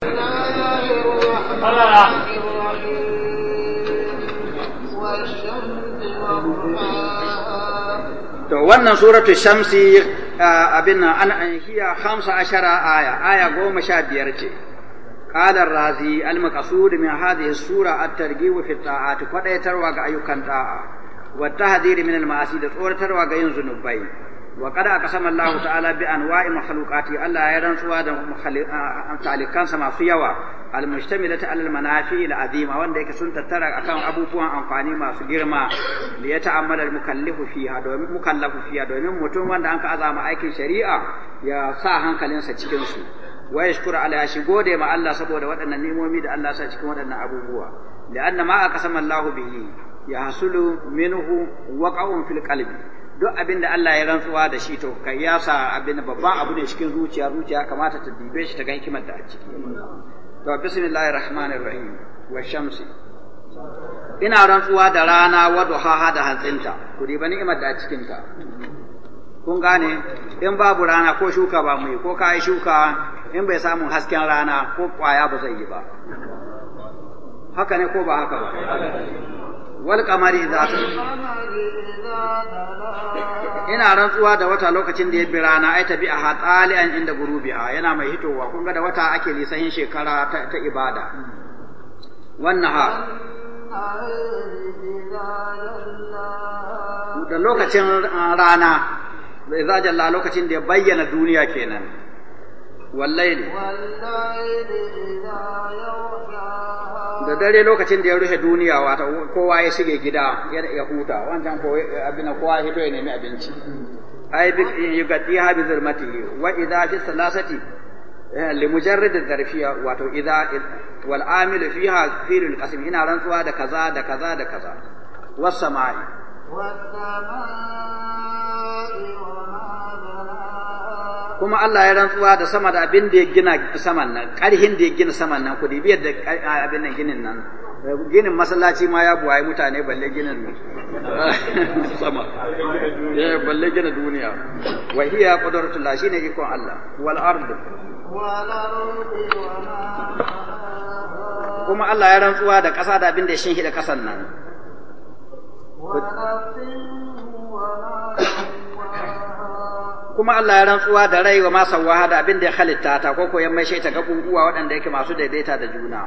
To wannan suratu shamsi abin an an hiya hamsa ashara aya, aya goma sha biyar ce. Ƙadar razi al-maqasud min hadhihi sura at-targhib fi at-ta'ati kwadaitarwa ga ayyukan ta'a wa tahdhir min al-ma'asi da tsoratarwa ga yin zunubai. wa qad aqsama Allah ta'ala bi anwa'i makhluqati Allah ya rantsuwa da talikan sa masu yawa al mustamilata al manafi azima wanda yake sun tattara akan abubuwan amfani masu girma li yata'ammala al mukallifu fiha domin mukallafu fiha domin mutum wanda an ka azama aikin shari'a ya sa hankalinsa cikin su wa yashkura ala shi gode ma Allah saboda waɗannan nimomi da Allah sa cikin waɗannan abubuwa da anna ma aqsama Allah bihi yahsulu minhu waqa'un fil qalbi duk abin da Allah ya rantsuwa da shi to kai ya sa abin babban abu ne cikin zuciya zuciya kamata ta dibe shi ta ga hikimar da a ciki to bismillahir rahmanir rahim wa shamsi ina rantsuwa da rana wa duha da hantsinta ku diba ni'imar da a cikin ta kun gane in babu rana ko shuka ba mu yi ko kai shuka in bai samu hasken rana ko kwaya ba zai yi ba haka ne ko ba haka ba wal kamari ina rantsuwa da wata lokacin da ya bi rana ai tabi a an inda a, yana mai hitowa kun ga da wata ake lisanin shekara ta ibada wannan ha da lokacin ah, rana idza jalla lokacin da ya bayyana duniya kenan wallaili da dare lokacin da ya rufe duniya wata kowa ya shige gida ya huta wancan ko abin kowa ya fito ya nemi abinci ai bi yugadi ha bi zurmati wa idha fi salasati eh, li mujarrad zarfiya wato idha wal amil fiha fil qasim ina rantsuwa da kaza da kaza da kaza was sama'i kuma Allah ya rantsuwa da sama da abin da ya gina saman nan ƙarhin da ya gina saman nan kudi biyar da abin nan ginin nan ginin masallaci ma ya buwaye mutane balle ginin sama ya eh, balle gina duniya wa hiya qudratullah shine ikon Allah wal ard kuma Allah ya rantsuwa da ƙasa da abin da ya shinhi da ƙasan nan kuma Allah ya rantsuwa da rai wa masawaha da abin da ya halitta ta ko koyan mai shaita ga kuguwa waɗanda yake masu daidaita da juna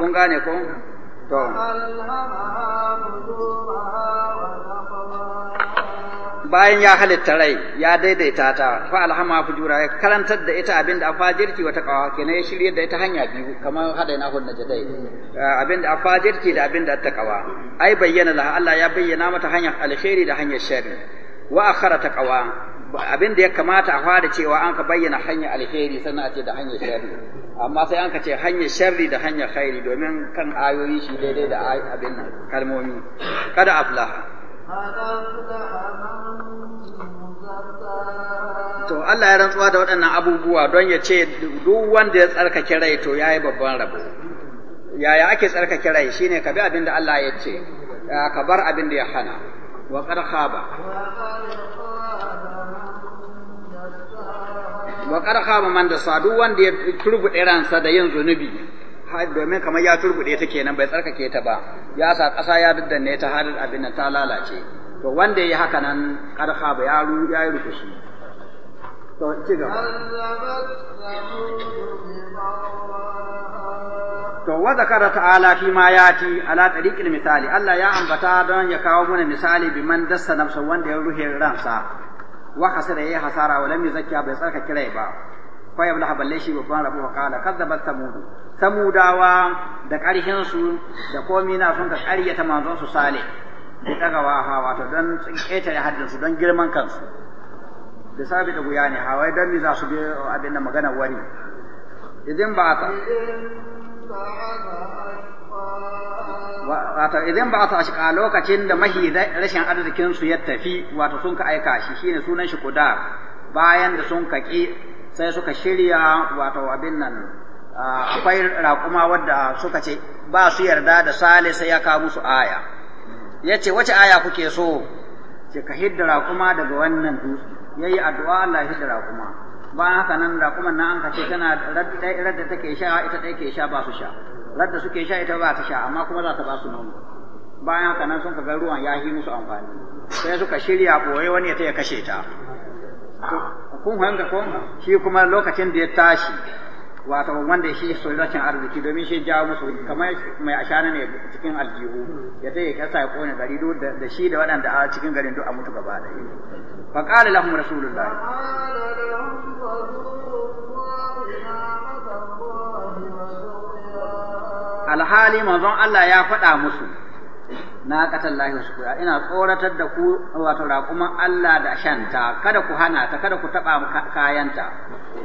kun gane ko to bayan ya halitta rai ya daidaita ta fa alhama fujura ya karantar da ita abinda a fajirci wata kawa kenan ya shirye da ita hanya biyu kamar hada ina hunna jadai abinda ah, a fajirci da abinda ta kawa ai bayyana laha Allah ya bayyana mata hanyar alheri da hanyar sharri wa akhara ta kawa abinda ya kamata a fara cewa an ka bayyana hanyar alheri sannan a ce da hanyar sharri amma sai an ka ce hanyar sharri da hanyar khairi domin kan ayoyi shi daidai da abin nan kalmomi kada aflaha To Allah ya rantsuwa da waɗannan abubuwa don ya ce duk wanda ya tsarkake rai to ya yi babban rabo. Yaya ake tsarkake rai shine ka bi abin da Allah ya ce, ka bar abin da ya hana, wa ba. Wa ba man da sa duk wanda ya turbu ransa da yin zunubi domin kamar ya turbude ta kenan bai tsarkake ta ba ya sa ƙasa ya daddanne ta har abin nan ta lalace to wanda yi haka nan ƙarfa ba ya ru ya yi rukushi to ci gaba to wa zakara ta'ala fi ma yati ala tariqil misali Allah ya ambata don ya kawo mana misali bi man dassa nafsa wanda ya ruhe ransa wa hasara yayi hasara wa lam yuzakka bai tsarkake rai ba fa yabla balle shi babban rabu kala kazzabat samud samudawa da ƙarshen su da komi na sun ka ta manzon su sale da dagawa ha wato don ƙetare haddin su don girman kansu da sabi da guya ne hawa don ni za su bi abin da magana wari. idan ba ta wato idan ba ta shiga lokacin da mahi rashin arzikin su ya tafi wato sun ka aika shi shine sunan shi kudar bayan da sun ka sai suka shirya wato abin nan akwai raƙuma wadda suka ce ba su yarda da sale sai ya kawo musu aya ya ce wace aya kuke so ce ka hidda raƙuma daga wannan dutse ya yi addu'a Allah hidda raƙuma bayan haka nan raƙuman nan an ka ce tana radda take sha ita ɗaya ke sha ba su sha radda suke sha ita ba ta sha amma kuma za ta ba su nono bayan haka nan sun ka ga ruwan ya yi musu amfani sai suka shirya ɓoye wani ya ta ya kashe ta kun hanga ko shi kuma lokacin da ya tashi wato wanda shi so rashin arziki domin shi jawo musu kamar mai ashana ne cikin aljihu ya ta yi kasa ya kone gari da shi da waɗanda a cikin garin duk a mutu gaba ɗaya fa qala lahum rasulullahi alhali manzon Allah ya faɗa musu na katan lahi kuya ina tsoratar da ku wato raƙuman Allah da shanta kada ku hana ta kada ku taɓa kayanta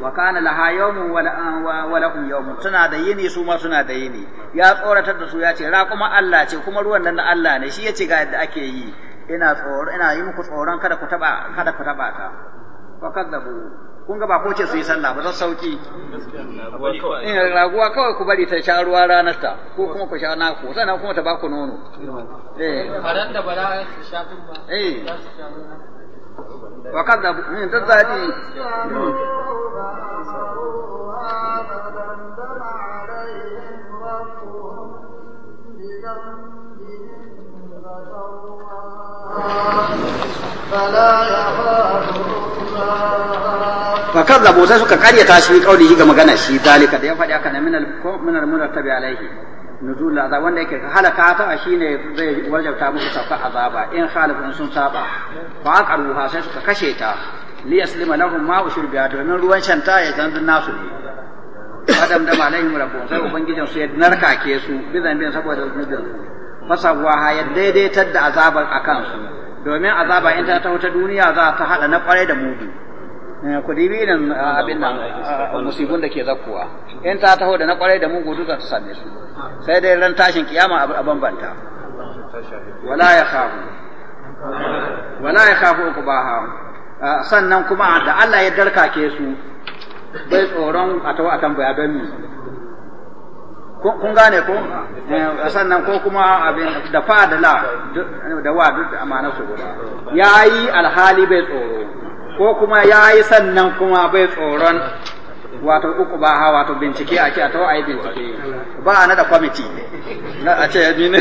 wa kana laha yawmun wa lakum tana da yini su ma suna da yini ya tsoratar da su ya ce raƙuman Allah ce kuma ruwan nan na Allah ne shi ya ce ga yadda ake yi ina tsoro ina yi muku tsoron kada ku taɓa kada ku taɓa ta fa kun ga ba ko ce su yi sallah ba zan sauki in eh, raguwa kawai ku bari ta sha ruwa ranar ta ko kuma ku sha naku sannan kuma ta ba ku nono eh faran da bara sha tun ba eh wa kadzabu min tadzati فلا يخاف الله fa kazzabu sai suka karyata shi kaulihi ga magana shi zalika da ya faɗi haka na minal ko minal murattabi alaihi nuzul azab wanda yake halaka ta shine zai wajabta musu sauka azaba in khalifu in sun saba fa aqaruha sai suka kashe ta li yaslima lahum ma ushir biya domin ruwan shanta ya zan nasu ne adam da malaihim rabbu sai ubangijin su ya narka ke su bizan bin saboda zunubin fasawa ha ya daidaitar da azabar akan su domin azaba in ta ta duniya za ta haɗa na kwarai da mudu Eh, ku dibi nan ah, abin nan ah, musibun da ke zakkuwa in ta taho da na kwarai da mugu duka ta same su sai dai ran tashin kiyama a bambanta wala ya khafu wala ya khafu ku ba ha ah, sannan kuma da Allah ya ke su bai tsoron a tawo tambaya bayaban mu kun gane ko eh, sannan ko kuma abin da fa da la da wa duk amana su guda yayi alhali bai tsoro ko kuma ya yi sannan kuma bai tsoron wato uku ba ha wato bincike a a tawa a yi bincike ba a nada kwamiti na a ce yabi ne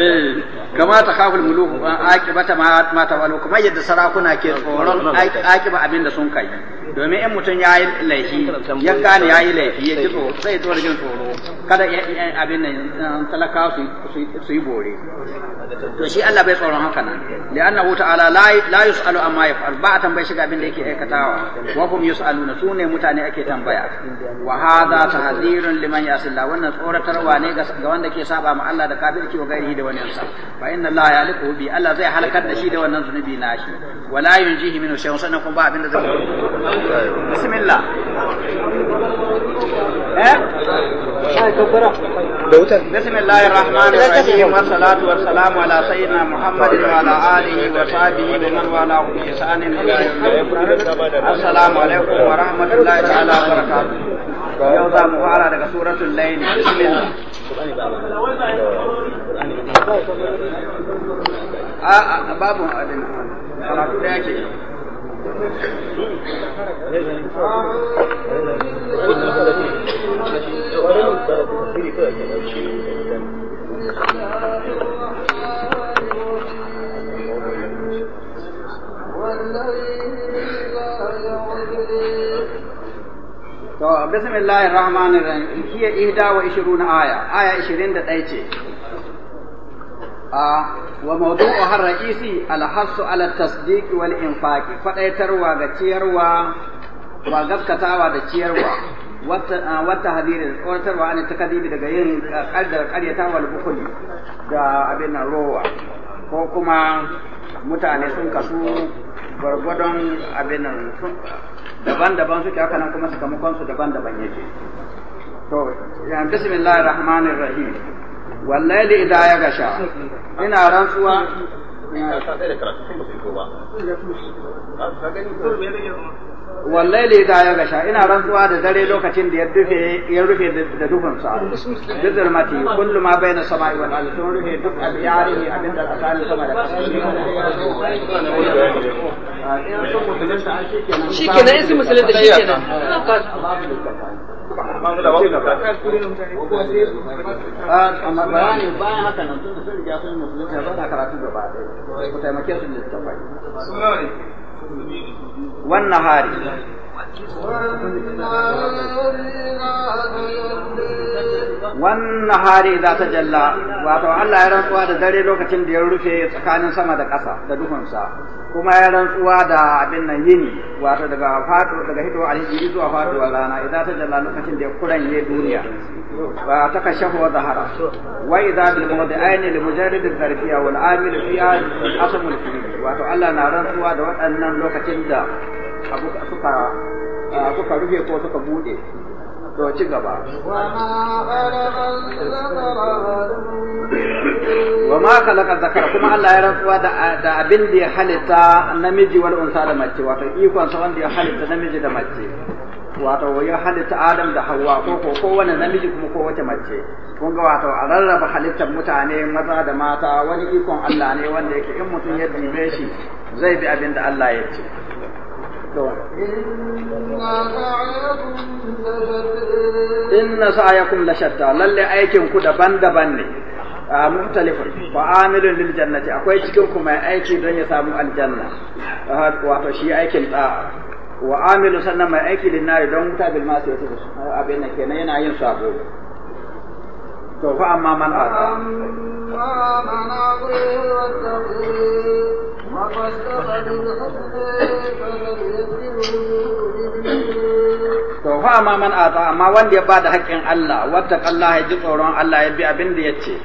eh, kama ta kafin muluku an aki bata ma ta walo kuma yadda sarakuna ke tsoron aki ba abin da sun kai domin in mutum ya yi laifi ya gane ya yi laifi ya ji tsoro zai tsoro jin tsoro kada ya abin nan um, talaka su yi bore to shi Allah bai tsoron haka nan li'annahu ta'ala la yus'alu amma yaf'al ba a tambaye shiga abin da yake aikatawa wa hum yus'aluna su ne mutane ake tambaya wa hadha hadirin liman yasilla wannan tsoratarwa ne ga wanda ke saba ma Allah da kafirci wa gairi da wani sa fa inna la liku bi Allah zai halakar da shi da wannan zunubi nashi wala yunjihi minhu shay'un sannan kuma ba abin da zai bismillah eh بسم الله الرحمن الرحيم والصلاة والسلام على سيدنا محمد وعلى آله وصحبه ومن والاه بإحسان إلى السلام عليكم ورحمة الله تعالى وبركاته yau za mu fara daga suratul layl bismillah a babu adin karatu da yake To, bismillahir rahmanir rahim, hiya ihda wa ishiruna aya, aya ishirin da ɗaya ce. wa mawdu'u har ra'isi alhassu ala tasdiq wal infaqi fadaitarwa ga ciyarwa wa gaskatawa da ciyarwa wata wata hadirin tsoratarwa ne ta kadiri daga yin kaddar ta wal bukuli da abin nan rowa ko kuma mutane sun kasu gwargwadon abin nan daban-daban suke haka nan kuma sakamakonsu daban-daban yake to bismillahir rahmanir rahim wallahi idan ya gasha ina rantsuwa والليل إذا يغشى إن رنتوا هذا ذري لو كتشند يدفي يرفي دفن صار جذر ما تي كل ما بين السماء والأرض شكنا إيش مسألة شكنا wannan hari والنهار wannan hari za ta jalla wato Allah ya rantsuwa da dare lokacin da ya rufe tsakanin sama da ƙasa da duhunsa kuma ya rantsuwa da abin nan yini wato daga Fato daga hito alhijiri zuwa faduwar rana idan ta jalla lokacin da ya ya duniya wa ta kashafu wa zahara wa idza bil ayni li mujarrid al tarfiya wal amil fiha asmul fihi wato Allah na rantsuwa da waɗannan lokacin da suka suka rufe ko suka bude to ci gaba wa ma khalaqa zakar kuma Allah ya rantsuwa da da abin da ya halitta namiji wal unsa da mace wato ikon sa wanda ya halitta namiji da mace wato ya halitta Adam da Hawwa ko ko kowane namiji kuma ko wace mace kun ga wato a rarraba halittar mutane maza da mata wani ikon Allah ne wanda yake in mutum ya dibe shi zai bi abin da Allah ya ce inna sa'yakum la shatta lalle aikin ku daban-daban ne a ah, mutalifin fa amilun lil jannati akwai cikin ku mai aiki don ya samu aljanna ah, wato shi aikin ta wa amilu sannan mai aiki lin nari don wuta bil masu yasa ah, abin da kenan yana yin sabo to fa amma man ata amma man to fa amma man ata amma wanda ya bada haƙƙin Allah wata ya ji tsoron Allah ya bi abin da ce,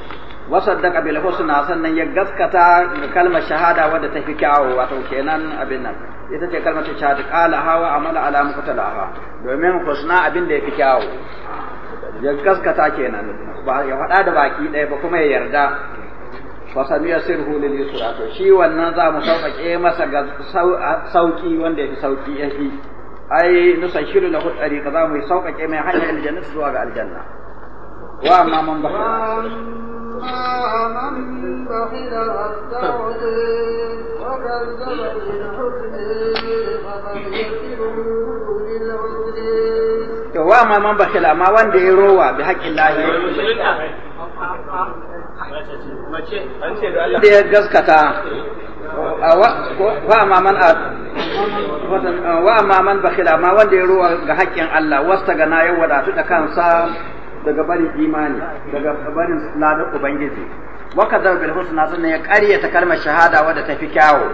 wasu da bil husna sannan ya gaskata kalmar shahada wadda ta fi kyawu wato kenan abin nan ita ce kalmar ta shahada qala hawa amala ala muqtalaha domin husna abin da ya fi kyawu ya gaskata kenan ba ya faɗa da baki ɗaya ba kuma ya yarda fa sanuyasiruhu lil yusra to shi wannan za mu sauƙaƙe masa ga sauƙi wanda yafi sauƙi yafi ai nusashiru lahu ka za mu sauƙaƙe mai hanyar aljanna zuwa ga aljanna wa amma man ba من بخل واستعد وكذب بالحسن فسنيسره للعسر وما من بخل ما وند يروى da ya gaskata wa amma man wa amma ma wanda ya ruwa ga haƙƙin Allah wasta ga na ya wadatu da kansa daga barin imani daga barin ladar ubangiji waka kadar bil husna sannan ya ta kalmar shahada wadda ta fi kyawu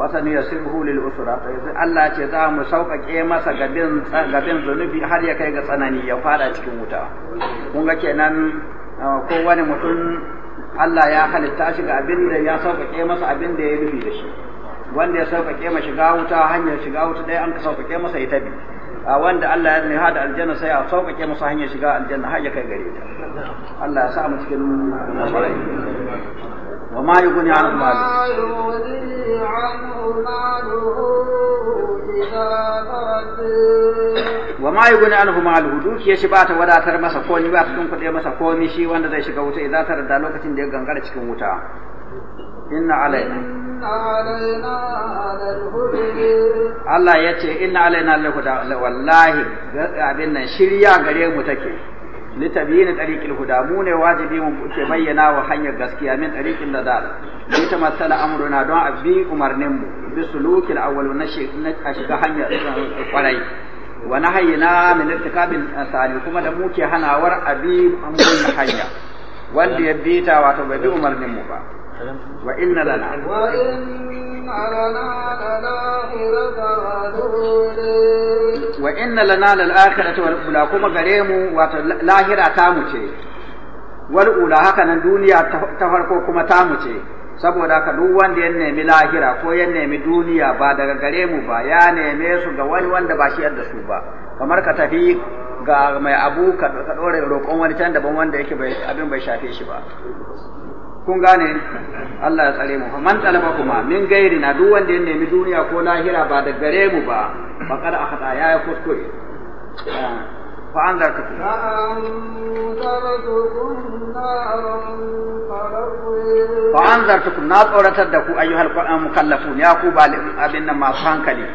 fasani ya sirhu ta usra Allah ce za mu sauƙaƙe masa gabin zunubi har ya kai ga tsanani ya fada cikin wuta kun ga kenan ko mutum Allah ya halitta shi ga abin da ya sauƙaƙe masa abin da ya nufi da shi wanda ya sauƙaƙe ma shiga wuta hanyar shiga wuta ɗaya an ka sauƙaƙe masa ya bi a wanda Allah ya niha da aljanna sai a sauƙaƙe masa hanyar shiga aljanna har ya kai gare ta Allah ya sa mu cikin masarai wa ma yughni anhu maluhu wa ma yughni anhu maluhu dukiyar shi ba ta wadatar masa komi ba ta tunkuɗe masa komi shi wanda zai shiga wuta idan inna alaina Allah ya ce inna alaina lahuda wallahi abin nan shirya gare mu take litabyin tariqil huda mu ne wajibi mu ke bayyana wa hanyar gaskiya min tariqil ladal li tamassala amruna don a bi umarnin mu bi sulukil awwal na shiga hanyar kwarai wa nahayina min irtikabil asali kuma da mu ke hanawar a amrun hanya wanda ya bita wato bai bi umarnin mu ba وإن لنا وإن لنا وإن لنا للآخرة والأولى كما غريم لاهرة تامتي والأولى هكذا الدنيا تفرقوا كما تامتي saboda haka duk wanda ya nemi lahira ko ya nemi duniya ba daga gare mu ba ya neme su ga wani wanda ba shi su ba kamar ka tafi ga mai abu ka ɗore roƙon wani can daban wanda yake abin bai shafe shi ba kun gane Allah ya tsare mu man talaba kuma min gairi na duk wanda ya nemi duniya ko lahira ba da gare mu ba faqad akhata ya ya kuskure fa an zarka ku fa an zarka ku na tsoratar da ku ayyuhal mukallafun ya ku abin nan masu hankali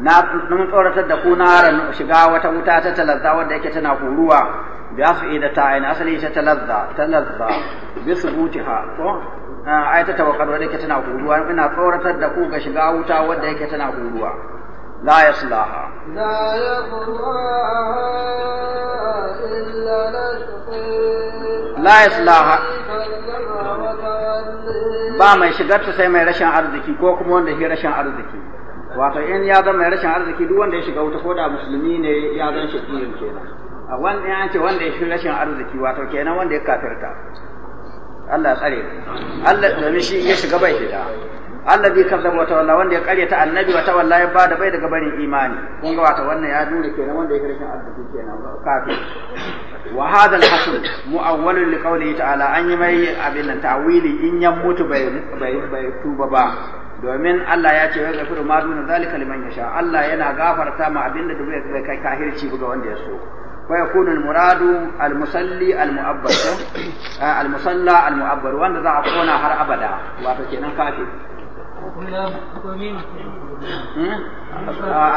na sun tsoratar da ku na shiga wata wuta ta talazza wadda yake tana huruwa bi su ida ta aina asali ta talazza talazza bi ha, ko ai ta tawakkal wanda yake tana huruwa ina tsoratar da ku ga shiga wuta wadda yake tana huruwa la yaslaha la yaslaha la yaslaha ba mai shigarta sai mai rashin arziki ko kuma wanda shi rashin arziki wato in ya zama mai rashin arziki duk wanda ya shiga wuta ko da musulmi ne ya zan shi irin kenan a wani an ce wanda ya shiga rashin arziki wato kenan wanda ya kafirta Allah ya tsare Allah da shi ya shiga bai fita Allah bi kazzaba wata walla wanda ya ta annabi wata walla ya bada bai daga barin imani kun ga wata wannan ya nuna kenan wanda ya rashin arziki kenan kafir wa hadal al-hasl mu'awwalun li qawli ta'ala an yi mai abin nan ta'wili in ya mutu bai bai tuba ba domin Allah ya ce wai gafiru ma duna zalika liman yasha Allah yana gafarta ma abinda da bai kai kahirci ga wanda ya so wa yakunu al-muradu al-musalli al-mu'abbar ah, al-musalla al-mu'abbar wanda za a kona har abada wato kenan kafir hmm?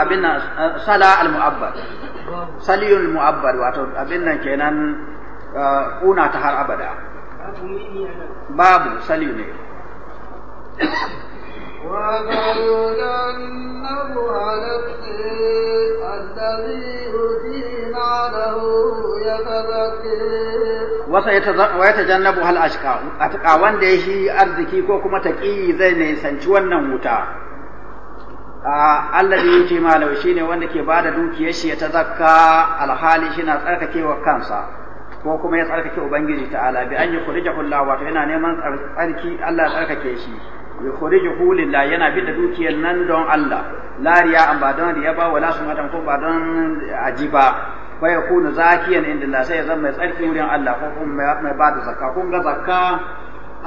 abin nan sala al-mu'abbar saliyul mu'abbar wato abin nan kenan ah, kuna ta har abada babu sali ne وسيجنبها الأتقي الذي يؤتي ماله يتزكي ويتجنبها الأشقى أتقى وان شي أرزكي كو كما زي نيسانشي wannan wuta Allah da yake malau shi ne wanda ke bada dukiyar shi ya ta zakka alhali shi na tsarkakewa kansa ko kuma ya tsarkake Ubangiji ta'ala bi an yi kurija kullawa wato yana neman tsarki Allah ya tsarkake shi yukhrijuhu lillah yana bi da dukiyar nan don Allah la riya an ba don riya ba wala sumatan ko ba don aji ajiba fa yakunu zakiyan inda Allah sai ya zama mai tsarki wurin Allah ko kuma mai ba da zakka kun ga zakka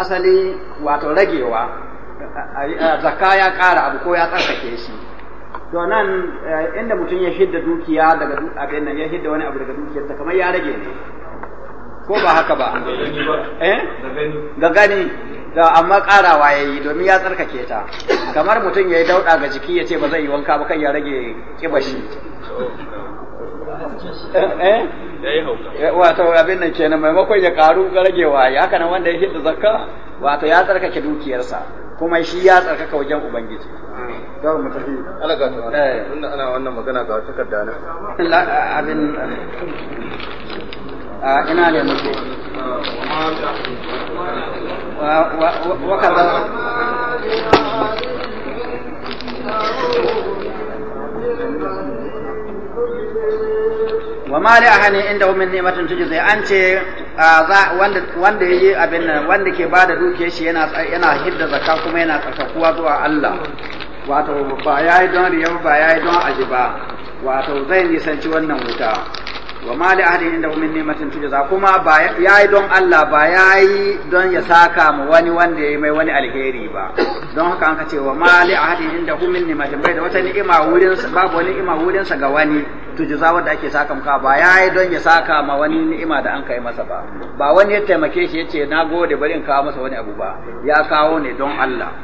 asali wato ragewa zakka ya kara abu ko ya tsarkake shi to nan eh, inda mutum ya shidda dukiya daga abin nan ya shidda wani abu daga dukiyar ta kamar ya rage ne ko ba haka ba eh ga gani da amma karawa ya yi domin ya tsarkake ta kamar mutum ya yi dauɗa ga jiki ya ce ba zai yi wanka ba kan ya rage ƙibashi eh? wato abin nan kenan maimakon ya karu ga rage waye haka nan wanda ya hidda zakka wato ya tsarkake dukiyarsa kuma shi ya tsarkaka wajen ubangiji za mu tafi alaga ta wannan eh. ana wannan magana ga takarda na abin ina ne muke wakaza wa ma li ahani inda an ce wanda ya yayi abin nan wanda ke da dukiyar shi yana hidda zakka kuma yana tsakakuwa zuwa Allah wato ba ya yi don riyar ba ya yi don aji ba, wato zai nisanci wannan wuta wa ma li ahadin inda min ni'matin tujza kuma ba yayi don Allah ba yayi don ya saka mu wani wanda yayi mai wani alheri ba don haka an ka ce wa ma li ahadin inda min ni'matin bai da wata ni'ima wurin sa babu wani ni'ima wurin sa ga wani tujza wanda ake saka muka ba yayi don ya saka ma wani ni'ima da an kai masa ba ba wani ya taimake shi yace na gode bari in kawo masa wani abu ba ya kawo ne don Allah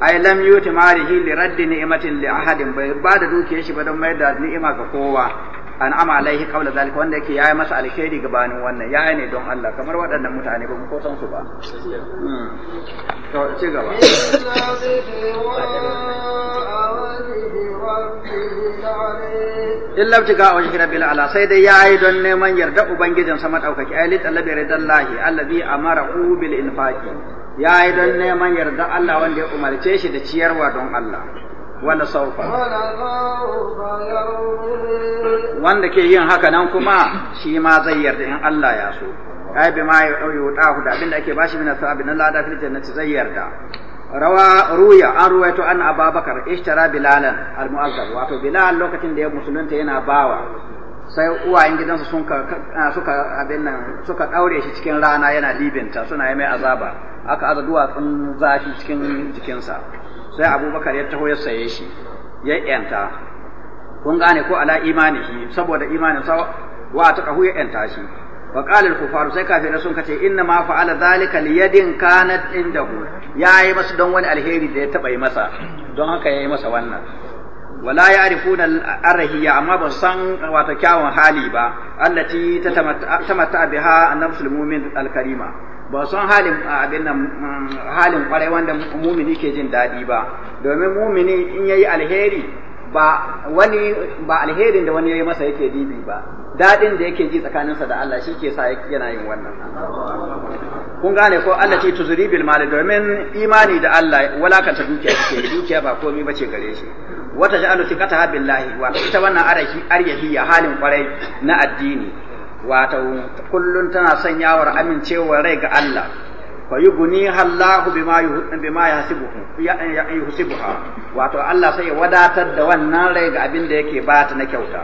ai lam yuti marihi li raddi ni'matin li ahadin bai ba da dukiyar shi ba don mai da ni'ima ga kowa an'ama alaihi qabla zalika wanda yake yayi masa alheri gabanin wannan yayi ne don Allah kamar waɗannan mutane ba mu ko san su ba hmm. to ce gaba illa tiga wa bil ala sai dai yayi don neman yarda ubangijin sama daukaki ayi talabi ridallahi allazi amarahu bil infaqi yayi don neman yarda Allah wanda ya umarce shi da ciyarwa don Allah wanda saufa wanda ke yin haka nan kuma shi ma zai yarda in Allah ya so ai bi ma yutahu da abinda ake bashi min sabi na da fil jannati zai yarda rawa ruya an ruwaito an ababakar ishtara bilalan al mu'azzab wato bilal lokacin da ya musulunta yana bawa sai uwayen gidansa sun suka abin nan suka daure shi cikin rana yana libinta suna yi mai azaba aka aza duwatsun zafi cikin jikinsa sai abubakar ya taho ya saye shi ya yanta kun gane ko ala shi? saboda imanin sa wa ta kahu ya yanta shi wa qala al kufaru sai kafirai sun kace inna ma fa'ala zalika li yadin kanat indahu yayi masa don wani alheri da ya taba yi masa don haka yayi masa wannan wala ya'rifuna al-arhiya amma ba san wata kyawun hali ba allati tatamatta biha an-nafsul mu'min al-karima ba san halin abin nan mm, halin kwarai wanda mumini ke jin daɗi ba domin mumini in yayi alheri ba wani ba alherin da wani yayi masa yake dibi ba daɗin da yake ji tsakaninsa da Allah shi ke sa yana yin wannan kun gane ko Allah ce tuzuri bil mali domin imani da Allah walakanta dukiya take dukiya ba komai ce gare shi wata ja'alu thiqataha billahi wa ita wannan arahi aryahiya halin kwarai na addini wato kullun tana sanyawar amincewar rai ga Allah fa yi guni hallahu bima bima yahsibuhu ya yuhsibuha wato Allah sai ya wadatar da wannan rai ga abin da yake ba ta na kyauta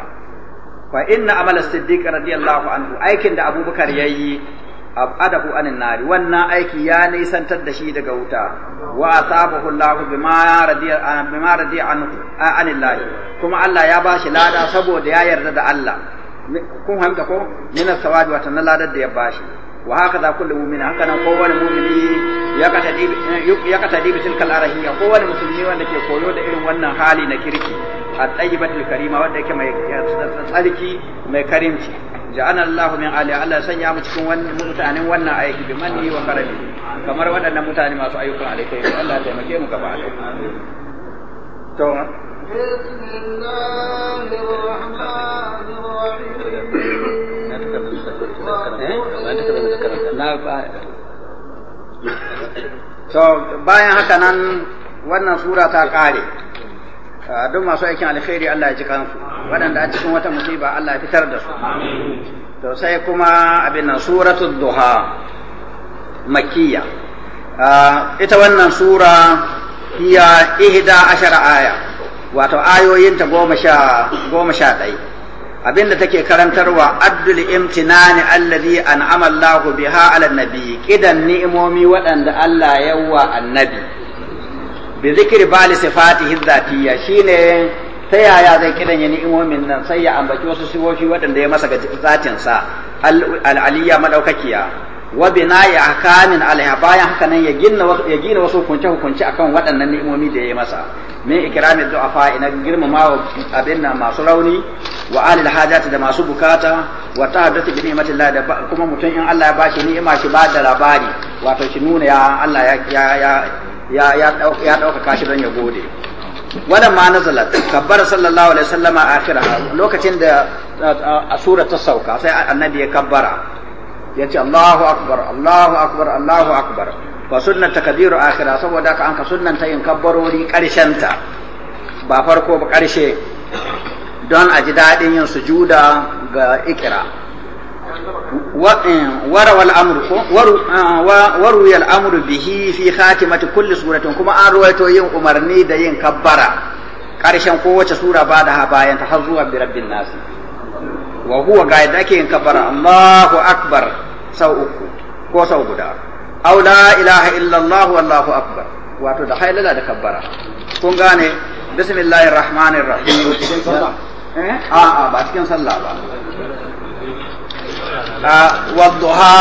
fa inna amal as-siddiq radiyallahu anhu aikin da Abubakar yayi abadahu anin nari wannan aiki ya nisantar da shi daga wuta wa asabahu Allah bima radiya anhu anillahi kuma Allah ya bashi lada saboda ya yarda da Allah kun hanga ko mina sawadi wata na ladar da ya bashi wa haka za kullu mu'min haka nan kowane mu'mini ya kata dibi ya kata dibi tilkal arahiyya kowane musulmi wanda ke koyo da irin wannan hali na kirki a tayyibatul karima wanda yake mai tsarki mai karimci ja'ana Allahu min ali Allah ya sanya mu cikin wannan mutanen wannan aiki bi manni wa karami kamar waɗannan mutane masu ayyukan alkhairi Allah ya taimake mu gaba to to bayan haka nan wannan sura ta kare ah, duk masu aikin alkhairi Allah ya ji kansu waɗanda a cikin wata musiba Allah ya fitar da su to sai kuma abin nan suratul duha Makiya. Ah, ita wannan sura hiya ihda ashara aya wato ayoyinta goma sha ɗaya. abin da abinda take karantarwa addul imtinani allazi an'ama Allahu biha ala nabi kidan ni'imomi waɗanda Allah yawa annabi bi zikri bali sifatihi dhatiyya shine ta yaya zai kidan ya ni'imomin nan sai ya ambaci wasu sifofi waɗanda ya masa ga zatin sa al-aliyya madaukakiya wa bina'i ahkamin alaiha bayan haka nan ya gina ya gina wasu hukunce hukunce akan waɗannan ni'imomi da yayi masa min ikramin du'afa ina girmamawa abin nan masu rauni wa alil hajati da masu bukata wa tahaddatu bi ni'matillah da kuma mutum in Allah ya bashi ni'ima shi ba da labari wato shi nuna ya Allah ya ya ya ya ya dauka kashi don ya gode wannan ma nazalat kabbara sallallahu alaihi wasallama akhirah lokacin da a sura ta sauka sai annabi ya kabbara yace Allahu akbar Allahu akbar Allahu akbar wa sunnat takbiru akhira saboda ka an ka sunnanta yin kabbarori karshen ta ba farko ba karshe don a ji daɗin yin sujuda ga ikira eh, eh, yal al'amuru bihi fi khatimati kulli suratin kuma an ruwaito yin umarni da yin kabbara karshen kowace sura ba da bayan ta har zuwa birabbin nasi wa huwa ga yadda ake yin kabbara Allahu akbar sau uku ko sau guda aw la ilaha illallah wallahu akbar wato da hailala da kabbara kun gane bismillahir rahmanir rahim eh a a ba cikin sallah ba a wadduha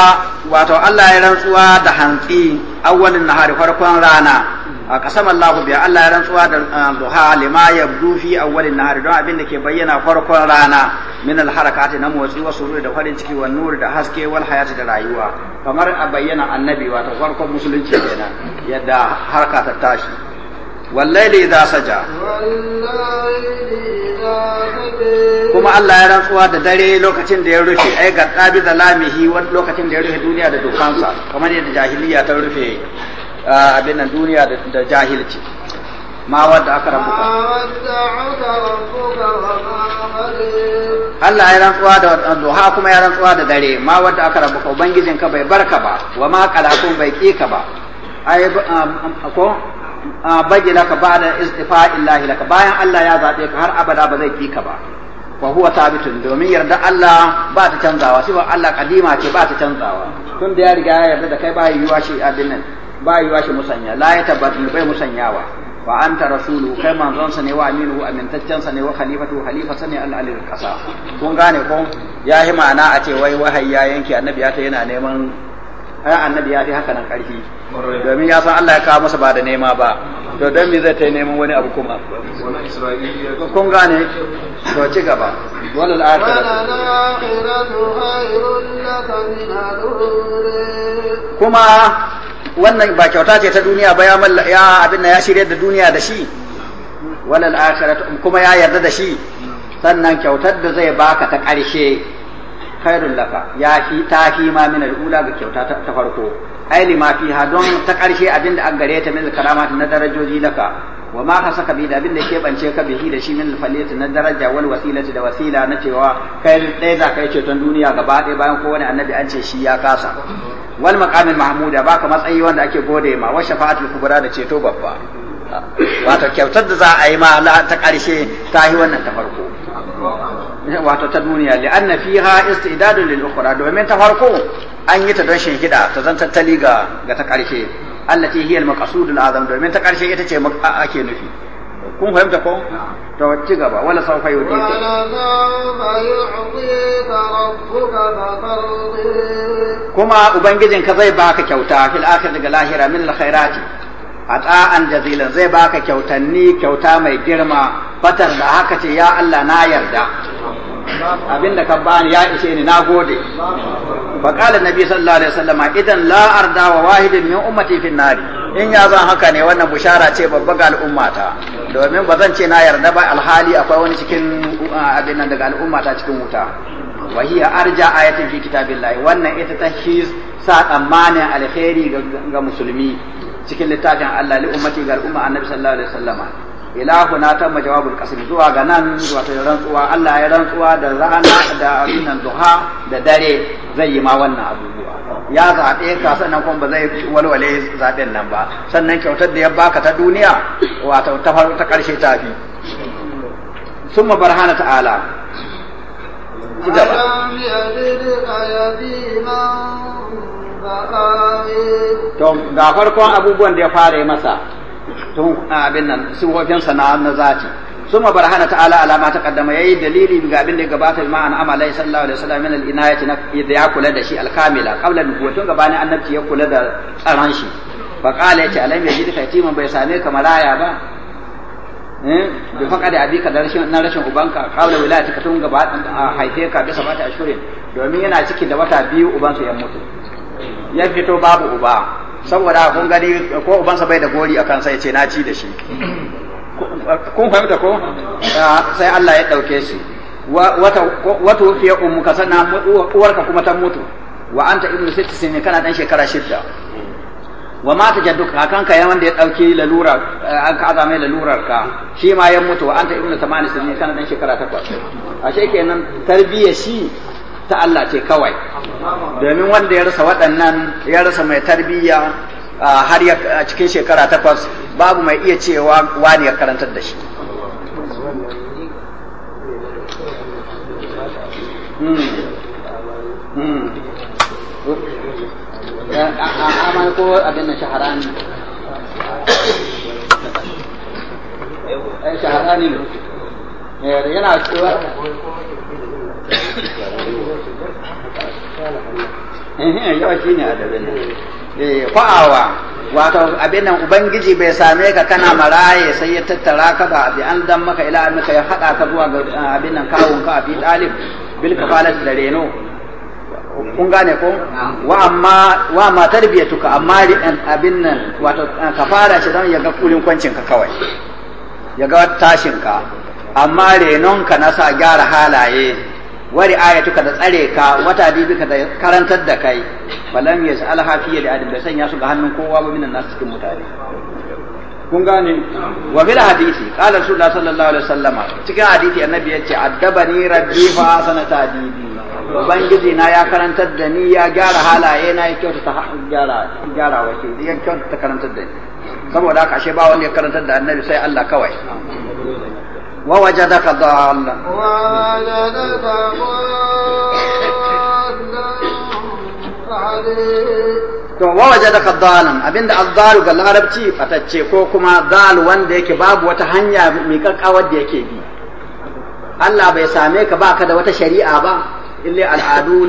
wato Allah ya rantsuwa da hantsi awwalin nahari farkon rana a kasam Allah bi Allah ya rantsuwa da ah, duha lima yabdu fi awwalin nahar don abin da ke bayyana farkon rana min al harakati na motsi wa sururi da farin ciki wa nuri da haske wal hayati da rayuwa kamar a bayyana annabi wato farkon musulunci kenan yadda harka ta tashi wallahi idza saja kuma Allah ya rantsuwa da dare lokacin da ya rufe ai ga da lamihi lokacin da ya rufe duniya da dukansa kamar yadda jahiliya ta rufe abin nan duniya da jahilci ma wadda aka rabuka Allah ya rantsuwa da duha kuma ya rantsuwa da dare ma wadda aka rabuka ubangijin ka bai barka ba wa ma kalakun bai ki ka ba ai ko baje laka ba da istifa laka bayan Allah ya zabe ka har abada ba zai ki ka ba wa huwa thabitun domin yarda Allah ba ta canzawa shi Allah kadima ce ba ta canzawa tun da ya riga ya yarda da kai ba yi yiwuwa shi abin nan ba yi wa shi musanya la ya tabbatu bai musanyawa wa anta rasulu kai manzon sa ne wa aminu amintaccen sa ne wa khalifatu khalifa sa ne al-alil qasa kun gane ko ya yi ma'ana a ce wai wahayi ya yanke annabi ya ta yana neman ai annabi ya fi haka nan karfi domin ya san Allah ya kawo masa ba da nema ba to don me zai ta neman wani abu kuma kun gane to ci gaba walal akhiratu kuma wannan ba kyauta ce ta duniya ba ya abin ya shirya da duniya da shi walal akhirat kuma ya yarda da shi sannan kyautar da zai baka ta ƙarshe khairul laka ya fi ta fi ma min al'ula ga kyauta ta farko ai limafi ha don ta ƙarshe abin da an gare ta min karamat na darajoji laka wa ma ka saka bi da abin da ke bance ka bihi da shi min alfaliyati na daraja wal wasilati da wasila na cewa kai ɗaya za ka yi ceton duniya gaba ɗaya bayan kowane annabi an ce shi ya kasa wal Mahmud mahmuda baka matsayi wanda ake gode ma wa shafa'atul kubra da ceto babba wato kyautar da za a yi ma ta karshe ta yi wannan ta farko wato ta duniya li anna fiha istidadun lil ukhra domin ta farko an yi ta don shehida ta zan tattali ga ga ta karshe allati hiya al maqsudul azam domin ta karshe ita ce ake nufi kun fahimta ko to ci gaba wala sau fa kuma ubangijin ka zai baka kyauta fil akhir daga lahira min al khairati ata'an jazilan zai baka kyautanni kyauta mai girma fatar da haka ce ya Allah na yarda abin da ka bani ya ishe ni na gode fa qala nabi sallallahu alaihi wasallam idan la arda wa wahidin min ummati fi nari in ya zan haka ne wannan bushara ce babba ga al'ummata domin ba zan ce na yarda ba alhali akwai wani cikin uh, abin nan daga al'ummata cikin wuta wa hiya arja ayatin fi kitabillahi wannan ita ta his sa tsammanin alheri ga musulmi cikin littafin Allah li ummati ga al'umma annabi sallallahu alaihi wasallama ila na tamma jawabul qasr zuwa ga nan zuwa ta rantsuwa Allah ya rantsuwa da rana da abinan duha da dare zai yi ma wannan abubuwa ya zaɓe ka sannan kuma ba zai walwale zaɓen nan ba sannan kyautar da ya baka ta duniya wato ta faru ta karshe ta fi summa barhana ta'ala to ga farkon abubuwan da ya fara masa tun abin nan sifofinsa na na zati ثم برهن تعالى alama ما تقدم يي دليل ga abin da gabata ma an amala sallallahu alaihi wasallam min al-inayati na da ya kula da shi al-kamila qabla nubuwatun gabanin annabci ya kula da tsaran shi fa qala yace alam yajid ka timan bai same ka maraya ba eh bi abika da rashin na rashin ubanka qabla wilayati ka tun gabanin a haife ka bisa mata shirin. domin yana ciki da wata biyu ubansa ya mutu ya fito babu uba saboda kun gani ko ubansa bai da gori a kansa ya ce na ci da shi kun fahimta ko sai Allah ya ɗauke shi wata fiye ummu ka uwar uwarka kuma ta mutu wa anta ibnu sitti sin kana dan shekara shidda wa ma ta jaddu ka kanka ya wanda ya dauki lalura an ka azame lalurar ka shi ma ya mutu wa anta ibnu 80 sin kana dan shekara takwas ashe kenan tarbiyya shi ta Allah ce kawai domin wanda ya rasa waɗannan ya rasa mai tarbiyya har a cikin shekara takwas babu mai iya cewa wani ya karantar da shi hmm. Hmm. ko abin na shaharani eh, shaharani eh, yana cewa Eh, eh, yawa shi ne adabin eh, fa'awa wato abin nan ubangiji bai same ka kana maraye sai ya tattara ka ba bi an dan maka ila ka ya hada ka zuwa ga abin nan kawun ka bi dalib bil kafalat da reno kun gane ko wa amma wa amma tarbiyatuka amma abin nan wato kafara shi don ya ga kulin kwancin ka kawai ya ga tashin ka amma renon ka na sa gyara halaye wari ayatuka da tsare ka wata dibika da karantar da kai falam yas alhafiya da adam bai sanya su ga hannun kowa ba minan nasu cikin mutane kun gane wa bil hadisi qala rasulullah sallallahu alaihi wasallam cikin hadisi annabi yace addabani rabbi fa sanata dibi ubangiji na ya karantar da ni ya gyara halaye na ya ta gyara gyara wace ya ta karantar da ni saboda haka ashe ba wanda ya karantar da annabi sai Allah kawai wa wajadaka dallan to wa dalan abinda azzalu ga larabci fatacce ko kuma zal wanda yake babu wata hanya mai kakkawar da yake bi Allah bai same ka baka da wata shari'a ba ille al'adu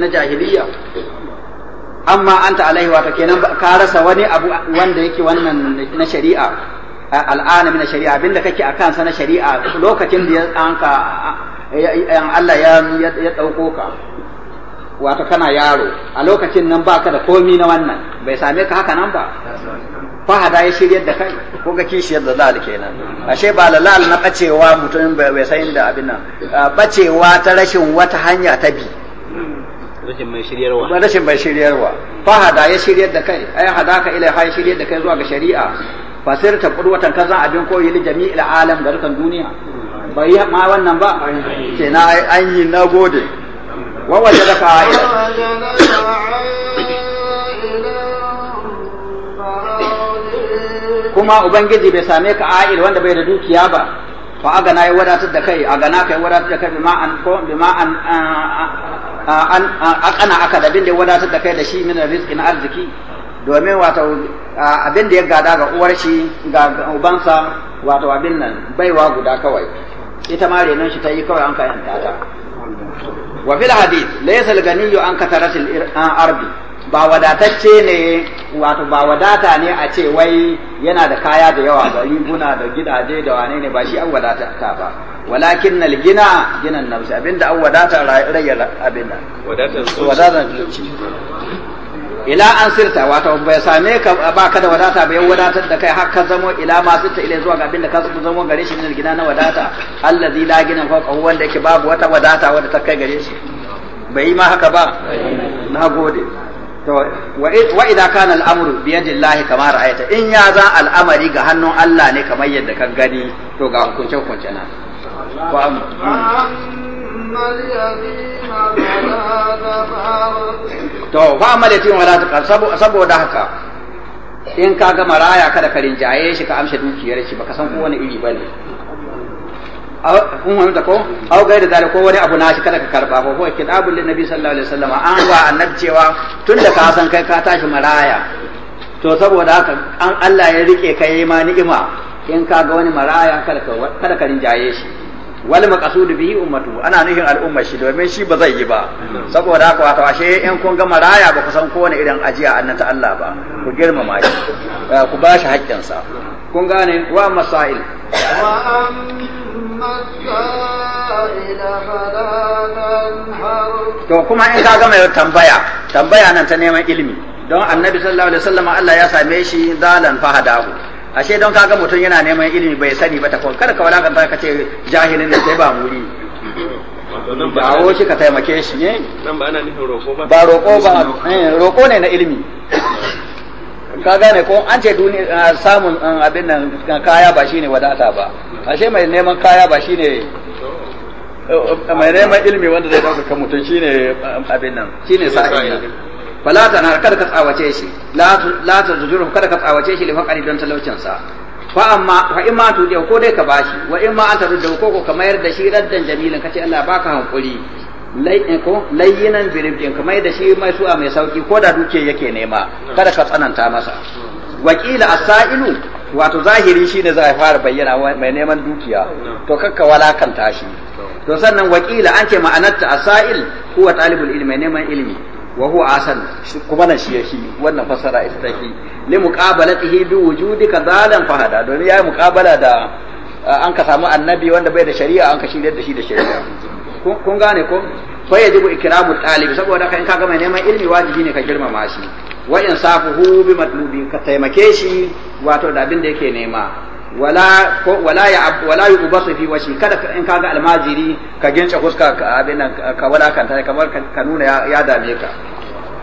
na jahiliya amma anta alaihi wato kenan ka rasa wani abu wanda yake wannan na shari'a al'ana min shari'a abinda kake akan kansa na shari'a lokacin da anka Allah ya ya dauko ka wato kana yaro a lokacin nan baka da komi na wannan bai same ka haka nan ba fahada ya shirye da kai ko ga yadda za lal kenan ashe ba lalal na bacewa mutum bai san inda abin nan bacewa ta rashin wata hanya ta bi rashin mai shiryarwa rashin mai shiryarwa fahada ya shirye da kai ai hadaka ila ya shirye da kai zuwa ga shari'a Fasir ta qudwatan kaza abin koyi li jami'il alam ga dukan duniya bai ma wannan ba ce na an yi na gode wa wajadaka a'ila kuma ubangiji bai same ka a'il wanda bai da dukiya ba fa aga na yi wadatar da kai aga na kai wadatar da kai bi an ko bima an an akana aka da bin da wadatar da kai da shi min rizqin arziki domin wato abin da ya gada ga uwar shi ga ubansa wato abin nan baiwa guda kawai ita ma renon shi ta yi kawai an ka yanta ta wa fil hadith laysa al ghani an an ardi ba wadatacce ne wato ba wadata ne a ce wai yana da kaya da yawa da riguna da gidaje da wane ne ba shi an wadata ta ba walakin nal gina ginan nafsi abinda an wadata rayar abin nan wadatar ila an sirta wato bai same ka ba ka da wadata bai wadatar da kai har ka zamo ila ma sirta ila zuwa ga abin da ka zamo gare shi min gida na wadata allazi la gina fa wanda yake babu wata wadata wadda ta kai gare shi bai yi ma haka ba na gode to wa idza kana al'amru bi yadillahi kama ra'aita in ya za al'amari ga hannun Allah ne kamar yadda ka gani to ga hukunce hukunce na to fa amal yatim wala taqar saboda haka in ka ga maraya kada ka rinjaye shi ka amshe dukiyar shi baka san ko wani iri bane kun wani da ko au ga da ko wani abu nashi kada ka karba ko ko kitabul nabi sallallahu alaihi wasallam an wa annab cewa tunda ka san kai ka tashi maraya to saboda haka an Allah ya rike ka ma ni'ima in ka ga wani maraya kada ka kada ka rinjaye shi wal maqsud bihi ummatu ana nuhin al'ummar shi domin shi ba zai yi ba saboda haka wato ashe in kun ga maraya ba ku san kowane irin ajiya annan ta Allah ba ku girmama shi eh, ku ba shi haƙƙin sa kun gane wa masail wa to kuma in ka gama yau tambaya tambaya nan ta neman ilimi don annabi sallallahu alaihi wasallam Allah ya same shi zalan fahadahu ashe don kaga mutum yana neman ilimi bai sani ba ta kawai kada ka walakanta ka ce jahilin da sai ba muri a shi ka taimake shi eh? ne ba roƙo ba eh, roƙo ne na ilimi ka gane ko an ce duniya samun abin nan kaya ba shine wadata ba ashe mai neman kaya ba shine eh, mai neman ilimi wanda zai dauka mutum shine abin nan shine sa'i wala ta na kada ka tsawace shi la ta zujuru kada ka tsawace shi lifa don talaucin sa fa amma fa imma tu da ko dai ka bashi wa imma an tarudda ko ko ka mayar da shi raddan jamilin kace Allah baka hankuri layyinan biribin kamar da shi mai su'a mai sauki ko da duke yake nema kada ka tsananta masa wakila asailu wato zahiri shine za fara bayyana mai neman dukiya to kakka walakanta shi to sannan wakila an ce ma'anarta asail huwa talibul ilmi mai neman ilmi wa huwa asan kuma nan shi wannan fasara ita take li muqabalatihi bi wujudika zalan fahada don yayi muqabala da an ka samu annabi wanda bai da shari'a an ka shirye da shi da shari'a kun gane ko fa yajibu ikramu talib saboda kai in ka ga mai neman ilmi wajibi ne ka girmama shi wa insafuhu bi matlubi ka taimake shi wato da abin da yake nema wala ko wala ya wala yubasu fi washi kada in kaga almajiri ka gince fuska ka abin ka wala kan ta kamar ka nuna ya dame ka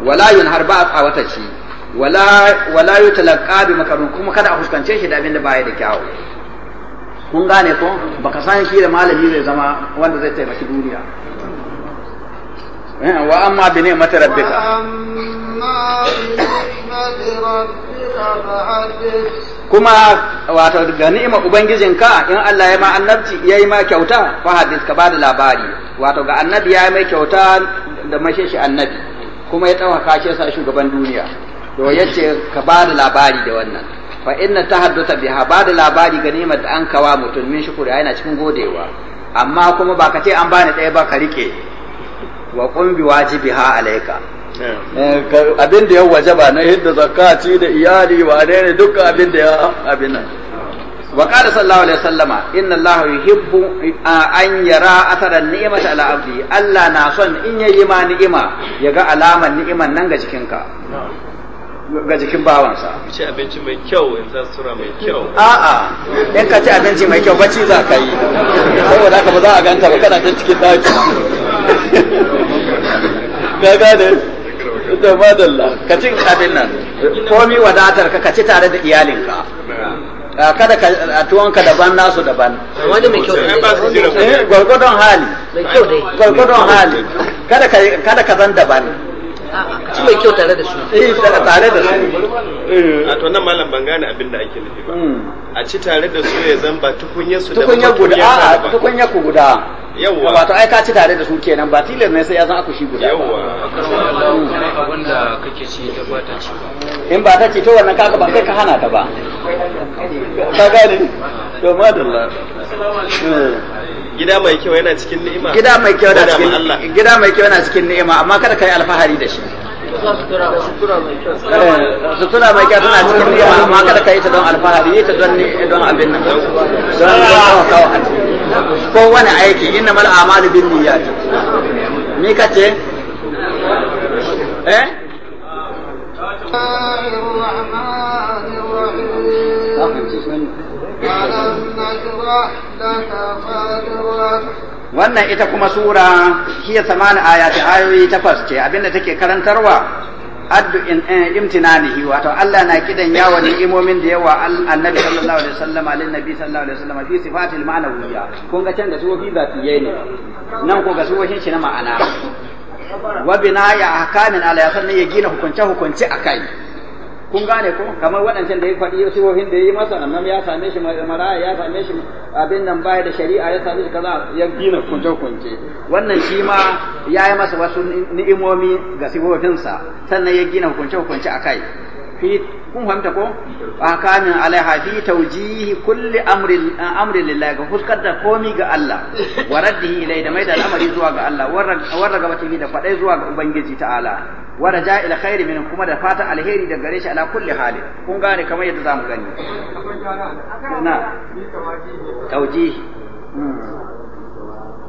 wala har ba a wata shi, wala wala yutalaqa bi makarun kuma kada a fuskance shi da abin da baya da kyawu kun gane ko baka san shi da malami zai zama wanda zai taimaki duniya Eh, wa amma bi ni'mati rabbika kuma wato ga ni'ima ubangijinka in Allah ya ma annabci yi ma kyauta fa hadis ka bada labari wato ga annabi ya mai kyauta da mashe annabi kuma ya tsawaka shi sa shugaban duniya to yace ka bada labari da wannan fa inna tahaddatha biha bada labari ga ni'imar da an kawa mutum min shukuri yana cikin godewa amma kuma ba ka ce an bani ɗaya ba ka rike wa kun bi ha alayka eh, abin da ya wajaba na hidda zakati da iyali wa ne duka abin da ya abin nan wa qala sallallahu alaihi wasallama inna allaha yuhibbu an yara athara ni'mati ala abdi allah na son in yayi ma ni'ima yaga alaman ni'iman nan ga ka ga jikin bawansa. Ci abinci mai kyau in za sura mai kyau. A'a, in ka ci abinci mai kyau bacci za ka yi. Saboda haka ba za a ganta ba kana ta cikin daki. ka gane da madalla ka ci abin nan komi wadatar ka ci tare da iyalinka ah, kada ka a ah, tuwanka daban nasu daban wani mai kyau ne eh, gwargwadon hali gwargwadon hali kada ka kada ka zan daban ci mai kyau tare da su eh tare da su a to nan malam ban gane abin da ake nufi ba hmm. a ci tare da su ya zan ba tukunya su da tukunya guda a tukunya ku guda yawwa wato ai ka ci tare da su kenan ba tilas ne sai ya zan aku shi guda yawwa wanda kake ci ta ba ta ci in ba ta ci to wannan kaka ba kai ka hana ta ba ka gani to madalla gida mai kyau yana cikin ni'ima gida mai kyau cikin gida mai kyau yana cikin ni'ima amma kada kai alfahari da shi sutura mai kyau tana cikin riya amma kada ka yi ta don alfahari yi ta don don abin nan don kawo kawo ko wani aiki inna mal amalu bin niyyat ni kace eh ألم نشرح لك صدرك wannan ita kuma sura hiya samani ayati ayoyi takwas ce abinda take karantarwa addu in eh, imtinanihi wato Allah na kidan yawa ni'imomin da yawa annabi sallallahu alaihi wasallam alin nabi sallallahu alaihi wasallam fi sifatil ma'nawiyya kun ga can da su fi zatiyai ne nan ko ga su wahin shi na ma'ana wa bina'i ahkamin ala ya sannan ya gina hukunce hukunce akai kun gane ko kamar waɗancan da ya faɗi sifofin da ya yi masa annan ya same shi maraya ya same shi abin nan baya da shari'a ya same shi kaza ya gina kunce kunce wannan shi ma ya yi masa wasu ni'imomi ga sifofinsa sannan ya gina hukunce hukunce a kai fi kun fahimta ko ahkamin alaiha fi tawjihi da komi ga Allah wa raddihi da mai da ga Allah ga ubangiji ta'ala wa raja kuma da fata alheri da gare shi ala kulli hali kamar yadda zamu gani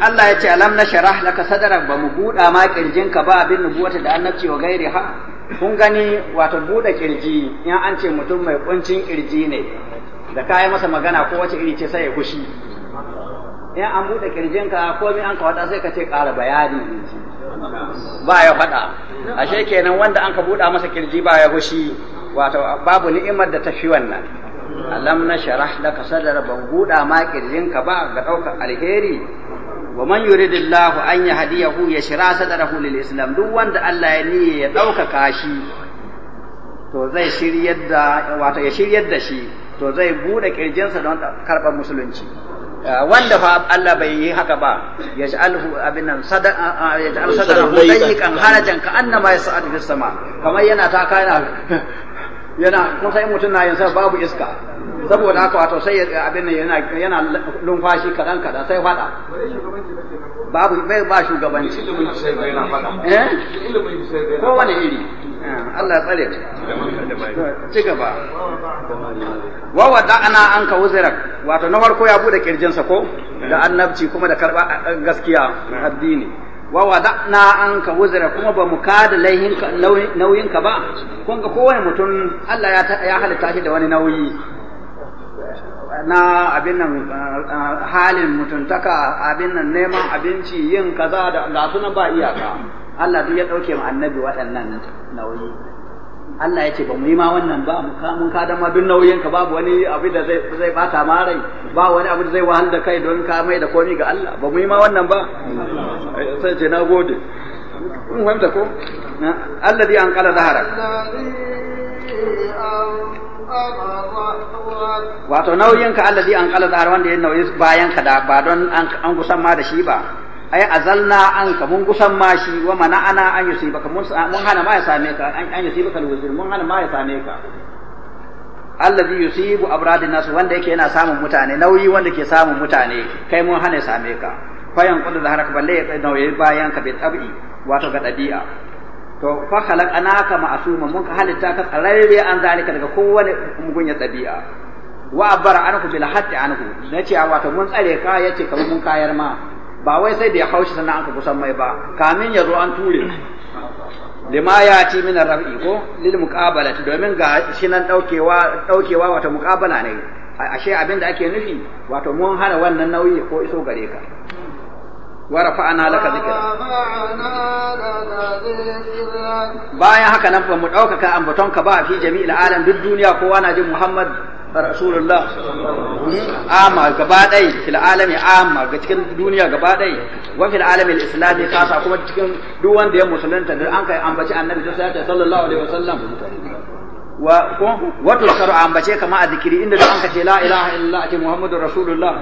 Allah ya ce alam na sharah ka sadarak ba mu buɗa ma ka ba abin nubuwata da annabci wa gairi ha kun gani wato buɗe ƙirji in an ce mutum mai ƙuncin ƙirji ne da ka yi masa magana ko wace iri ce sai ya kushi in an buɗe ko komai an kawata sai ka ce ƙara bayani in ba ya faɗa ashe kenan wanda an ka buɗa masa kirji ba ya hushi wato babu ni'imar da ta fi wannan alam na sharah ka sadar ban buɗa ma ka ba ga ɗaukar alheri wa man yuridillahu an yahdiyahu shira sadarahu lil islam duk wanda Allah ya niyya ya ɗauka kashi to zai shiryar da wato ya shiryar da shi to zai buɗe kirjinsa don karɓar musulunci Ah, wanda fa Allah bai yi haka ba ya abin nan sadar ah, ah, ya ja'al sadar dayyqan harajan ka annama yas'adu fis sama kamar yana ta kana yana kun sai mutum na yin sa babu iska saboda haka wato sai abin nan yana yana lumfashi kadan kadan sai fada babu bai ba shugabanci ilimin sai bai na fada eh ilimin sai bai ko wani iri eh, Allah ya tsare ci gaba wa ana an ka wuzirak wato na farko ya bude kirjinsa ko da annabci kuma da karba gaskiya addini wa wada'na anka wuzra kuma ba mu kada laihinka nauyinka ba kun ga kowane mutum Allah ya ya halitta shi da wani nauyi na abin nan eh, eh, halin mutuntaka abin nan neman abinci yin kaza da ga sunan ba iyaka Allah duk ya dauke mu annabi waɗannan nauyi Allah ya ce ba mu yi ma wannan ba mu mun ka dama duk nauyin ka babu wani abu da zai zai bata ma rai ba wani abu da zai wahal da kai don ka mai da komai ga Allah ba mu yi ma wannan ba sai ce na gode mun fahimta ko alladhi an kala zahara wato nauyin ka alladhi an kala zahara wanda ya nauyi bayan ka da ba don an kusan ma da shi ba ai azalna anka mun gusan ma shi wa mana ana an yusi baka mun hana ma ya same ka an yusi baka alwazir mun hana ma ya same ka allazi yusibu abradin nas wanda yake yana samun mutane nauyi wanda ke samun mutane kai mun hana ya same ka fayan kullu ka balle ya nauyi bayan ka bi tabi wato ga dabi'a to fa khalaqanaka ma'suma mun ka halitta ka tsararre an zalika daga kowane mugunya dabi'a wa abara anhu bil haqqi anhu nace wato mun tsare ka yace kamar mun kayar ma ba wai sai da ya haushi sannan an ka kusan mai ba kamin ya zo an ture lima ya ci mina rabi ko lil muqabalati domin ga shi nan daukewa daukewa wata muqabala ne ashe abin da ake nufi wato mun hana wannan nauyi ko iso gare ka ورفعنا لك ذكرا bayan haka nan ba mu ɗaukaka ambatonka ba fi jami'il alam duk duniya kowa na jin Muhammad rasulullah amma gaba ɗai fil amma ga cikin duniya gaba ɗai wa fil alami islami kasa kuma cikin duk wanda ya musulunta da an kai ambaci annabi sallallahu alaihi wa ko wato karu ambace kama a zikiri inda da anka ce la ilaha illallah ake muhammadur rasulullah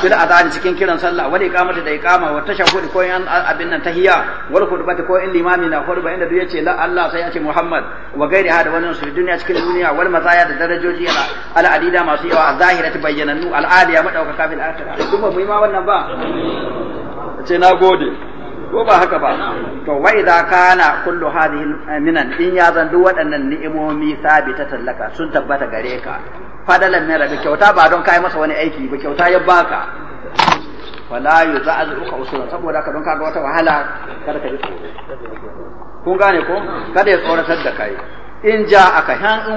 bil adhan cikin kiran sallah wal iqamati da iqama wa tashahhud ko yan abin nan tahiyya wal khutbati ko in limami na khutba inda duk yace la Allah sai yace muhammad wa gairi hada wannan su duniya cikin duniya wal mazaya da darajoji ala al adida masu yawa a zahirati bayyanannu al aliya madaukaka fil akhirah kuma mu yi ma wannan ba ce na gode ko ba haka ba to wa idza kana kullu hadhihi minan in ya zan duk waɗannan ni'imomi sabita tallaka sun tabbata gare ka fadalan ne rabbi kyauta ba don kai masa wani aiki ba kyauta ya baka fala yuzazuka usura saboda ka don ga wata wahala kada ka ji tsoro kun gane ko kada ya tsoratar da kai in ja aka han in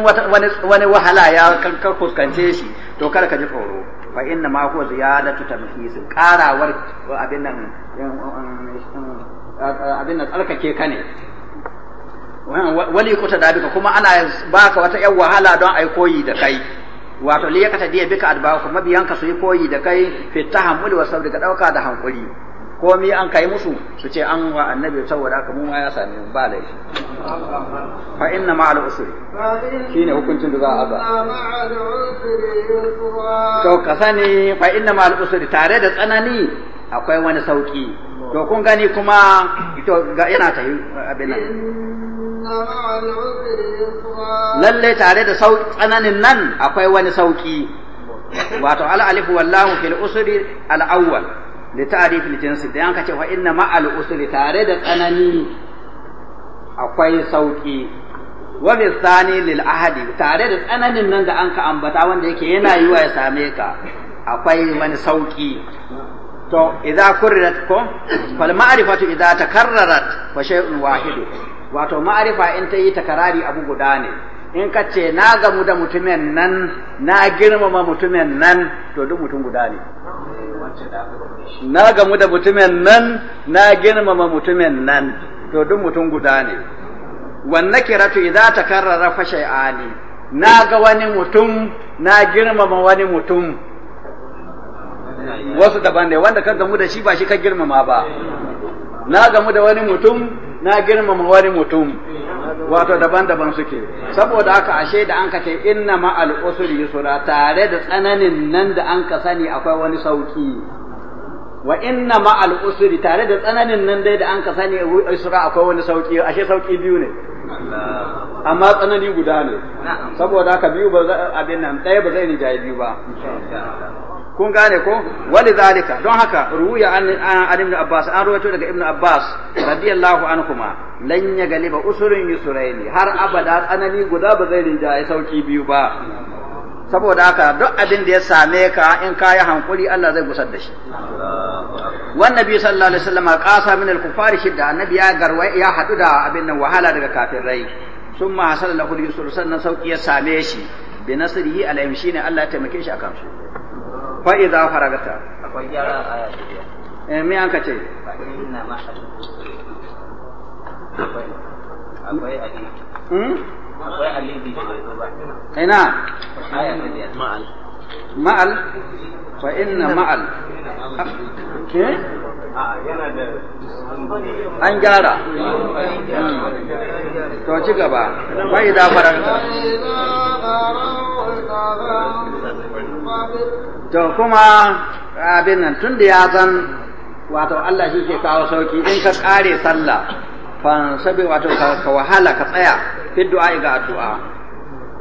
wani wahala ya kankar fuskance shi to kada ka ji tsoro fa inna ma huwa ziyadatu tamhis qarawar abin nan abin nan alkake ka ne wali kuta da bika kuma ana baka wata yan wahala don ai koyi da kai wato liyakata diya bika adba kuma ka su koyi da kai Fita tahammuli wa sabri ka dauka da hankuri komi an kai musu su ce an wa annabi saboda haka mu ma ya sami mu ba laifi fa inna ma al-usri shine hukuncin da za a ba to ka sani fa inna ma al-usri tare da tsanani akwai wani sauki to kun gani kuma to ga yana ta yi abin nan lalle tare da tsananin nan akwai wani sauki wato al-alif wallahu fil usri al-awwal li ta'rif jinsi da an kace fa inna ma al usri da tsanani akwai sauki wa lil ahadi tare da tsananin nan da an ambata wanda yake yana yiwa ya same ka akwai wani sauki to idza kurrat ko wato in ta yi takarari in ka ce na gamu da mutumin nan na girmama mutumin nan to duk mutum guda ne na gamu da mutumin nan na girmama mutumin nan to duk mutum guda ne wanne kiratu idan ta karrara fashe shay'ani na ga wani mutum na girmama wani mutum wasu daban ne wanda ka gamu da shi ba shi ka girmama ba na gamu da wani mutum na girmama wani mutum wato daban-daban suke saboda haka ashe da an kace inna ma al usri yusra tare da tsananin nan da an ka sani akwai wani sauki wa inna ma al usri tare da tsananin nan dai da an ka sani yusra akwai wani sauki ashe sauki biyu ne amma tsanani guda ne saboda haka biyu ba abin nan ɗaya ba zai jayi biyu ba kun gane ko wali zalika don haka ruhuya an an ibn abbas an ruwaito daga ibn abbas radiyallahu anhuma lan ya galiba usurin ne har abada tsanani guda ba zai ya sauki biyu ba saboda haka duk abin da ya same ka in ka yi hankuri Allah zai gusar da shi wan nabi sallallahu alaihi wasallam qasa min al-kuffar shidda annabi ya garwa ya hadu da abin nan wahala daga kafirai sun ma hasala lahu yusur sannan sauki ya same shi bi nasrihi shi shine Allah ya taimake shi akan su fa idza faragata akwai gyara aya eh me an kace inna ma akwai akwai ali hmm akwai ali bi ina aya ne ma'al ma'al fa inna ma'al an gyara hmm. to ci gaba bai da faranta to kuma abin nan tun da ya zan wato Allah shi ke kawo sauki in ka kare sallah fa sabi wato ka wahala ka tsaya fi du'a ga addu'a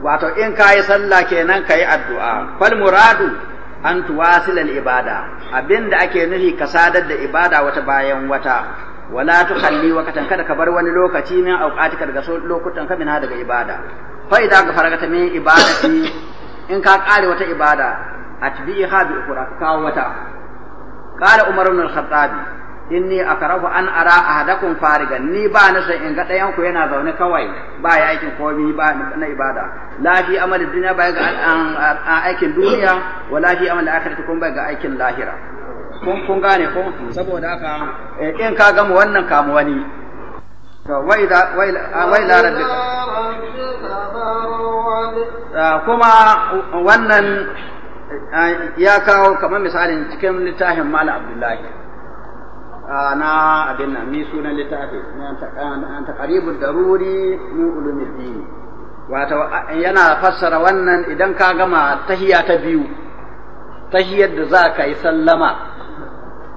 wato in ka yi sallah kenan ka yi addu'a fal muradu an tuwasilal ibada abinda ake nufi ka sadar da ibada wata bayan wata wala tukalli wakatan kada ka bar wani lokaci min ka daga lokutan ka mina daga ibada fa idza ka faragata min ibadati in ka kare wata ibada atbi'iha bi ukra ka wata qala umar ibn al-khattabi inni akarahu an ara ahadakum farigan ni ba na san in ga ɗayan ku yana zaune kawai ba ya aikin komai ba na ibada lafi amal amali dunya ba ga aikin duniya wa la fi amali akhirati kun ba ga aikin lahira kun kun gane ko saboda haka eh, in ka gama wannan kamu wani to wa idza rabbika ah, kuma wannan eh, ya kawo kamar misalin cikin littafin mala abdullahi Ana abin nan mi sunan littafi an karibu daruri min ulumid din wato yana fassara wannan idan ka gama tahiya ta biyu tahiyar da za ka yi sallama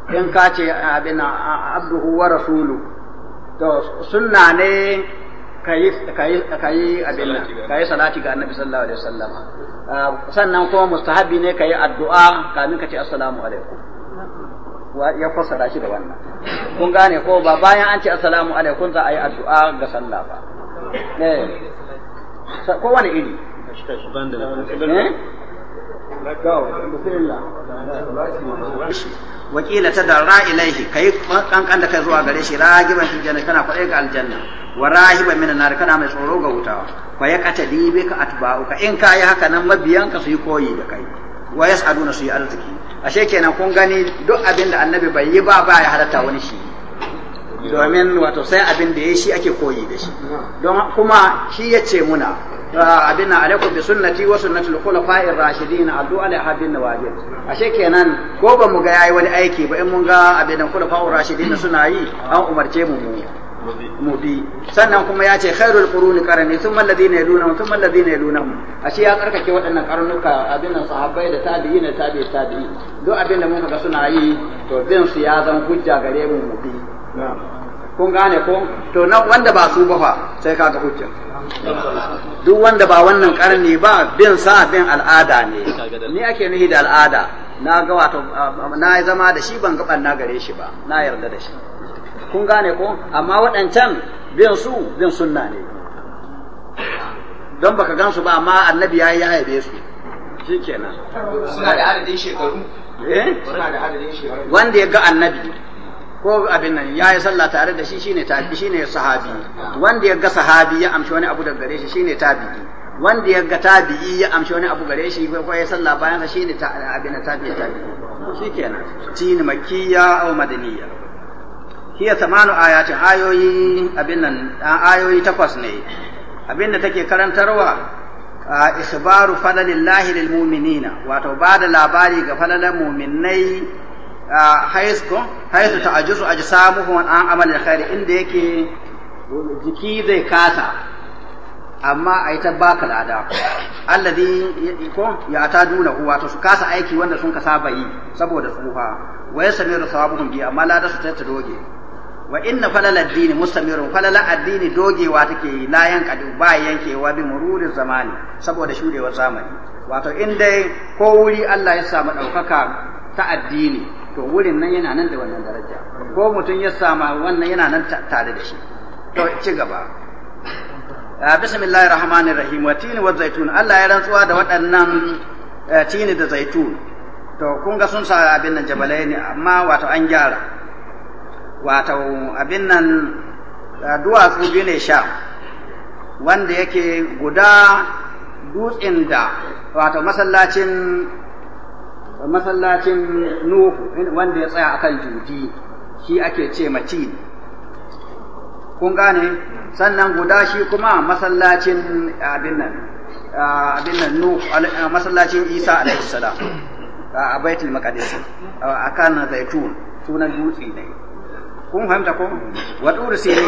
in ka ce abin abduhu wa rasulu to sunna ne ka yi abin nan ka salati ga annabi sallallahu alaihi wasallama sannan kuma mustahabi ne ka yi addu'a kamin ka ce assalamu alaikum ya fassara shi da wannan kun gane ko ba bayan an ce assalamu alaikum za a yi addu'a ga sallah ba eh ko wani iri eh? wakila ta da ra'ilaihi kai kankan da kai zuwa gare shi ragiban fil janna kana kwaye ga aljanna wa rahiban minan nar kana mai tsoro ga wuta fa ya qatadi bika atba'uka in kai haka nan mabiyanka su yi koyi da kai wa yas'aluna su yi arziki ashe kenan kun gani duk abin da annabi bai yi ba ba ya halatta wani shi domin wato sai abin da ya shi ake koyi da shi don kuma shi ya ce muna ah, abin na alaikum bi sunnati wa sunnati al-khulafa'i rashidin addu alaiha bin nawajid ashe kenan ko ba mu ga yi wani aiki ba in mun ga abin da khulafa'ur rashidin suna yi an umarce mu mu mubi sannan kuma ya ce khairul quruni qarni thumma alladhina yalunahum thumma alladhina yalunahum ashe ya karkake waɗannan karnuka abin sahabbai da tabi'ina tabi'i tabi'i duk abin da muka ga suna yi to bin su ya zan hujja gare mu mubi kun gane ko to na wanda ba su ba fa sai kaga hujja duk wanda ba wannan karni ba bin sa bin al'ada ne ni ake nihi da al'ada na ga wato na zama da shi ban ga na gare shi ba na yarda da shi kun gane ko amma waɗancan bin su bin sunna ne don baka gansu ba amma annabi ya yi ya haife su shi kenan suna da adadin shekaru eh? suna da adadin shekaru wanda ya ga annabi ko abin nan ya yi sallah tare da shi ne tabi ne sahabi wanda ya ga sahabi ya amshi wani abu daga gare shi shi ne tabi wanda ya ga tabi ya amshi wani abu gare shi ko ya sallah bayan sa ne abin tabi'i tabi'i shikenan tin makiyya aw madaniya hiya samanu ayatin ayoyi abin nan ayoyi takwas ne abin da take karantarwa isbaru Falalin, lilmu'minina mu'minina wato ba da labari ga falalan mu'minai haisu a ta'ajuzu ajsamuhum an amalil khairi inda yake jiki zai kasa amma a yi ta baka lada allazi ko ya ta duna uwa su kasa aiki wanda sun ka saba yi saboda tsufa wai samiru sawabuhum bi amma lada su ta doge wa inna falala addini mustamirun falala addini dogewa take yi la yankadu ba yankewa bi mururin zamani saboda shurewar zamani wato in dai ko wuri Allah ya samu ɗaukaka ta addini to wurin nan yana nan da wannan daraja ko mutum ya samu wannan yana nan tare da shi to ci gaba ah, bismillahir rahmanir rahim wa tini wa zaitun Allah ya rantsuwa da waɗannan eh, tini da zaitun to kun ga sun sa abin nan jabalai ne amma wato an gyara wato abin nan duwatsu biyu ne sha wanda yake guda dutsen da wato masallacin masallacin nuhu wanda ya tsaya akan juji shi ake ce macin kun gane sannan guda shi kuma masallacin abin nan abin nan nuhu masallacin isa alaihi salam a baitul maqdis akan zaitun sunan dutse ne kun fahimta ko wa turi sini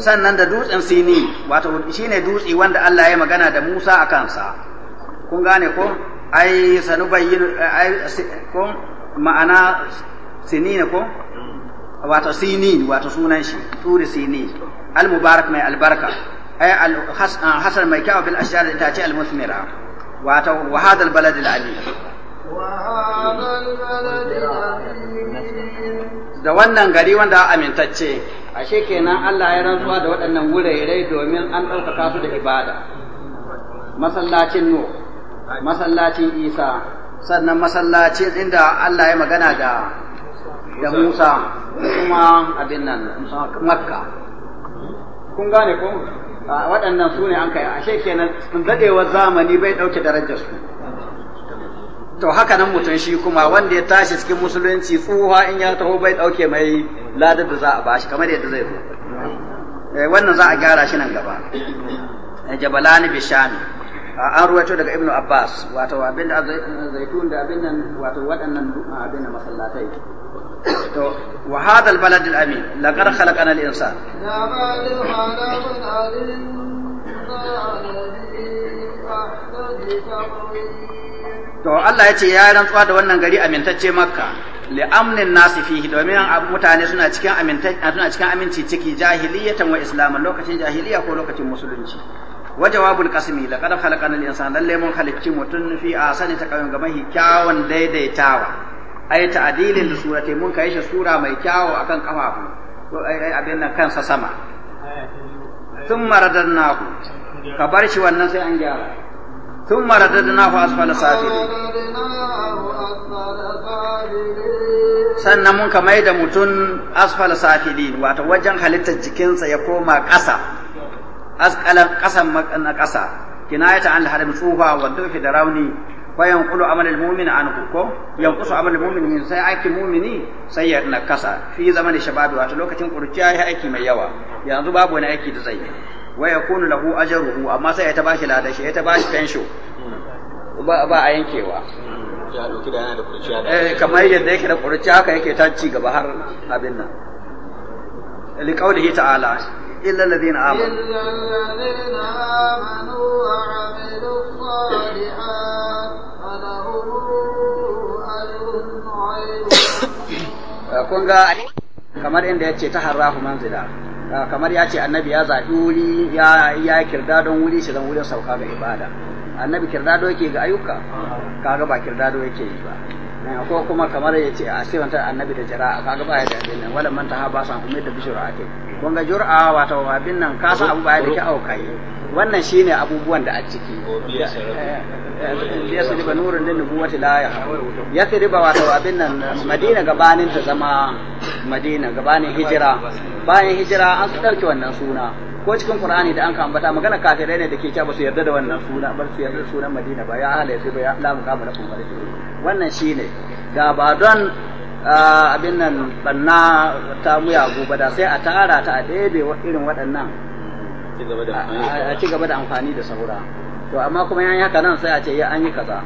sannan da dutsen sini wato shine dutse wanda Allah ya magana da Musa a kansa kun gane ko ai bayyin ai ko ma'ana sini ne ko wato sini wato sunan shi turi sini al-mubarak mai albarka ai al-hasan ah, mai kyau bil ashar da ta ce al-musmira wato wa hadal balad al-alim da wannan gari wanda amintacce ashe kenan Allah ya rantsuwa da waɗannan wurare domin an ɗaukaka su da ibada masallacin nu masallacin isa sannan masallacin inda Allah ya magana da da Musa kuma abin nan makka kun gane ko waɗannan su ne an kai ashe kenan daɗewar zamani bai ɗauke darajar su to haka nan mutum shi kuma wanda ya tashi cikin musulunci tsuha in ya taho bai dauke mai ladar da za a bashi kamar yadda zai zo eh, wannan za a gyara shi nan gaba eh, jabalani bishami ah, an ruwaito daga ibnu abbas wato abin da zaitun da abin nan wato waɗannan ah, abin nan masallatai to wa hada al balad al amin laqad khalaqana al insan to Allah ya ce ya yi rantsuwa da wannan gari amintacce makka li amnin fihi domin mutane suna cikin suna cikin aminci ciki jahiliyatan wa islam lokacin jahiliya ko lokacin musulunci wa jawabul qasmi laqad khalaqana al insana lalle mun halicci mutun fi asani takawun gaban kyawun daidaitawa ai ta'dilin da surati mun kai shi sura mai kyawu akan kafafu ko ai abin nan kansa sama thumma radannahu ka bar shi wannan sai an gyara ثم رددناه أسفل سافلين sannan mun kamar da mutum asfal safilin wato wajen halittar jikinsa ya koma ƙasa asƙalan ƙasan na ƙasa kinayata an laharin tsufa wa fi da rauni fa yanqulu amal an anhu ko yanqusu amal mu'min min sai aiki mu'mini sai ya ƙasa. fi zamanin shababi wato lokacin kurciya ya aiki mai yawa yanzu babu wani aiki da zai yi wa yakunu lahu ajruhu amma sai ya ta bashi ladan shi ya ta bashi pension ba a yankewa eh, kamar yadda yake da kurciya haka yake ta ci gaba har abin nan liqaulihi ta'ala illa alladhina amanu illa alladhina amanu wa amilu salihat falahum ajrun eh, kun ga kamar inda ya ce ta harrahu manzila ah, kamar ya ce annabi ya zaɓi wuri ya ya kirda don wuri shi zan wurin sauka ga ibada annabi do yake ga ayyuka kaga ba do yake yi ba ah, ko kuma kamar ya ce a sifanta annabi da jira'a kaga ba ya da abin nan wala man ta ha ba san kuma da bishura ake kun ga jur'a wato abin nan ka san abu ba ya da kyau kai wannan shine abubuwan da a ciki ya sariba nurin din nubuwati la ya ya sariba wato abin nan madina gabanin ta zama madina gabanin hijira bayan hijira an su dauke wannan suna ko cikin qur'ani da an ka ambata magana kafirai ne da ke cewa ba su yarda da wannan suna bar su yarda sunan madina ba ya ahla yasiba ya la muqama lakum wannan shine da ba don abin nan banna ta muyagu ba da sai a tara ta a ɗebe irin waɗannan a ci gaba da amfani da saura to amma kuma yayin haka nan sai a ce ya an yi kaza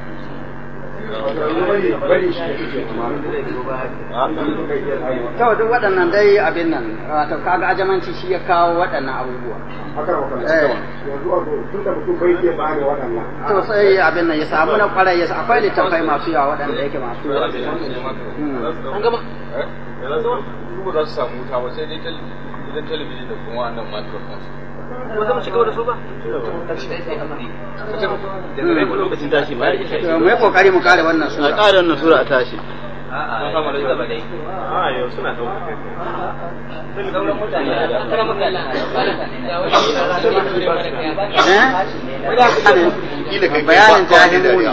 to duk waɗannan dai abin nan wato kaga ajamanci shi ya kawo waɗannan abubuwa eh. to sai abin nan ya samu na kwarai ya akwai littafai masu yawa waɗanda yake masu hmm. an gama eh? su samu dai talibijin da kuma wannan microphone ba za mu su ba yi kokari mu kare wannan sura a kare wannan sura a tashi bayanin jahil muni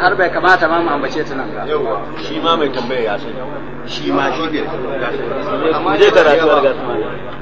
har bai kamata ma mu ambace ta nan ba shi ma mai tambaya ya sani shi ma shi ne amma dai karatu ga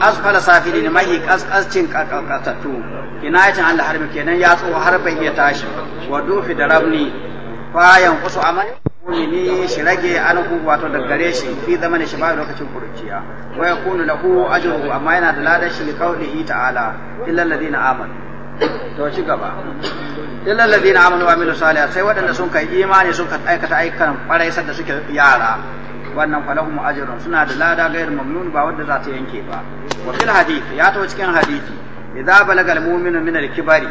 asfala safilin mai kaskancin Ina kinayatin Allah harbi kenan ya tsoho har bai iya tashi wa duhi da rabni fayan kusu amali ne shi rage anhu wato daggare gare shi fi zamanin shi ba lokacin kurciya wa yakunu lahu ajruhu amma yana da ladan shi kaulihi ta'ala illa alladhina amanu to ci gaba illa alladhina amanu wa amilu salihat sai waɗanda sun kai imani sun aikata ayyukan kwarai da suke yara wannan falahum ajrun suna da lada gairu mamnun ba wanda za ta yanke ba wa fil hadith ya to cikin hadisi idza balaga al mu'minu min al kibari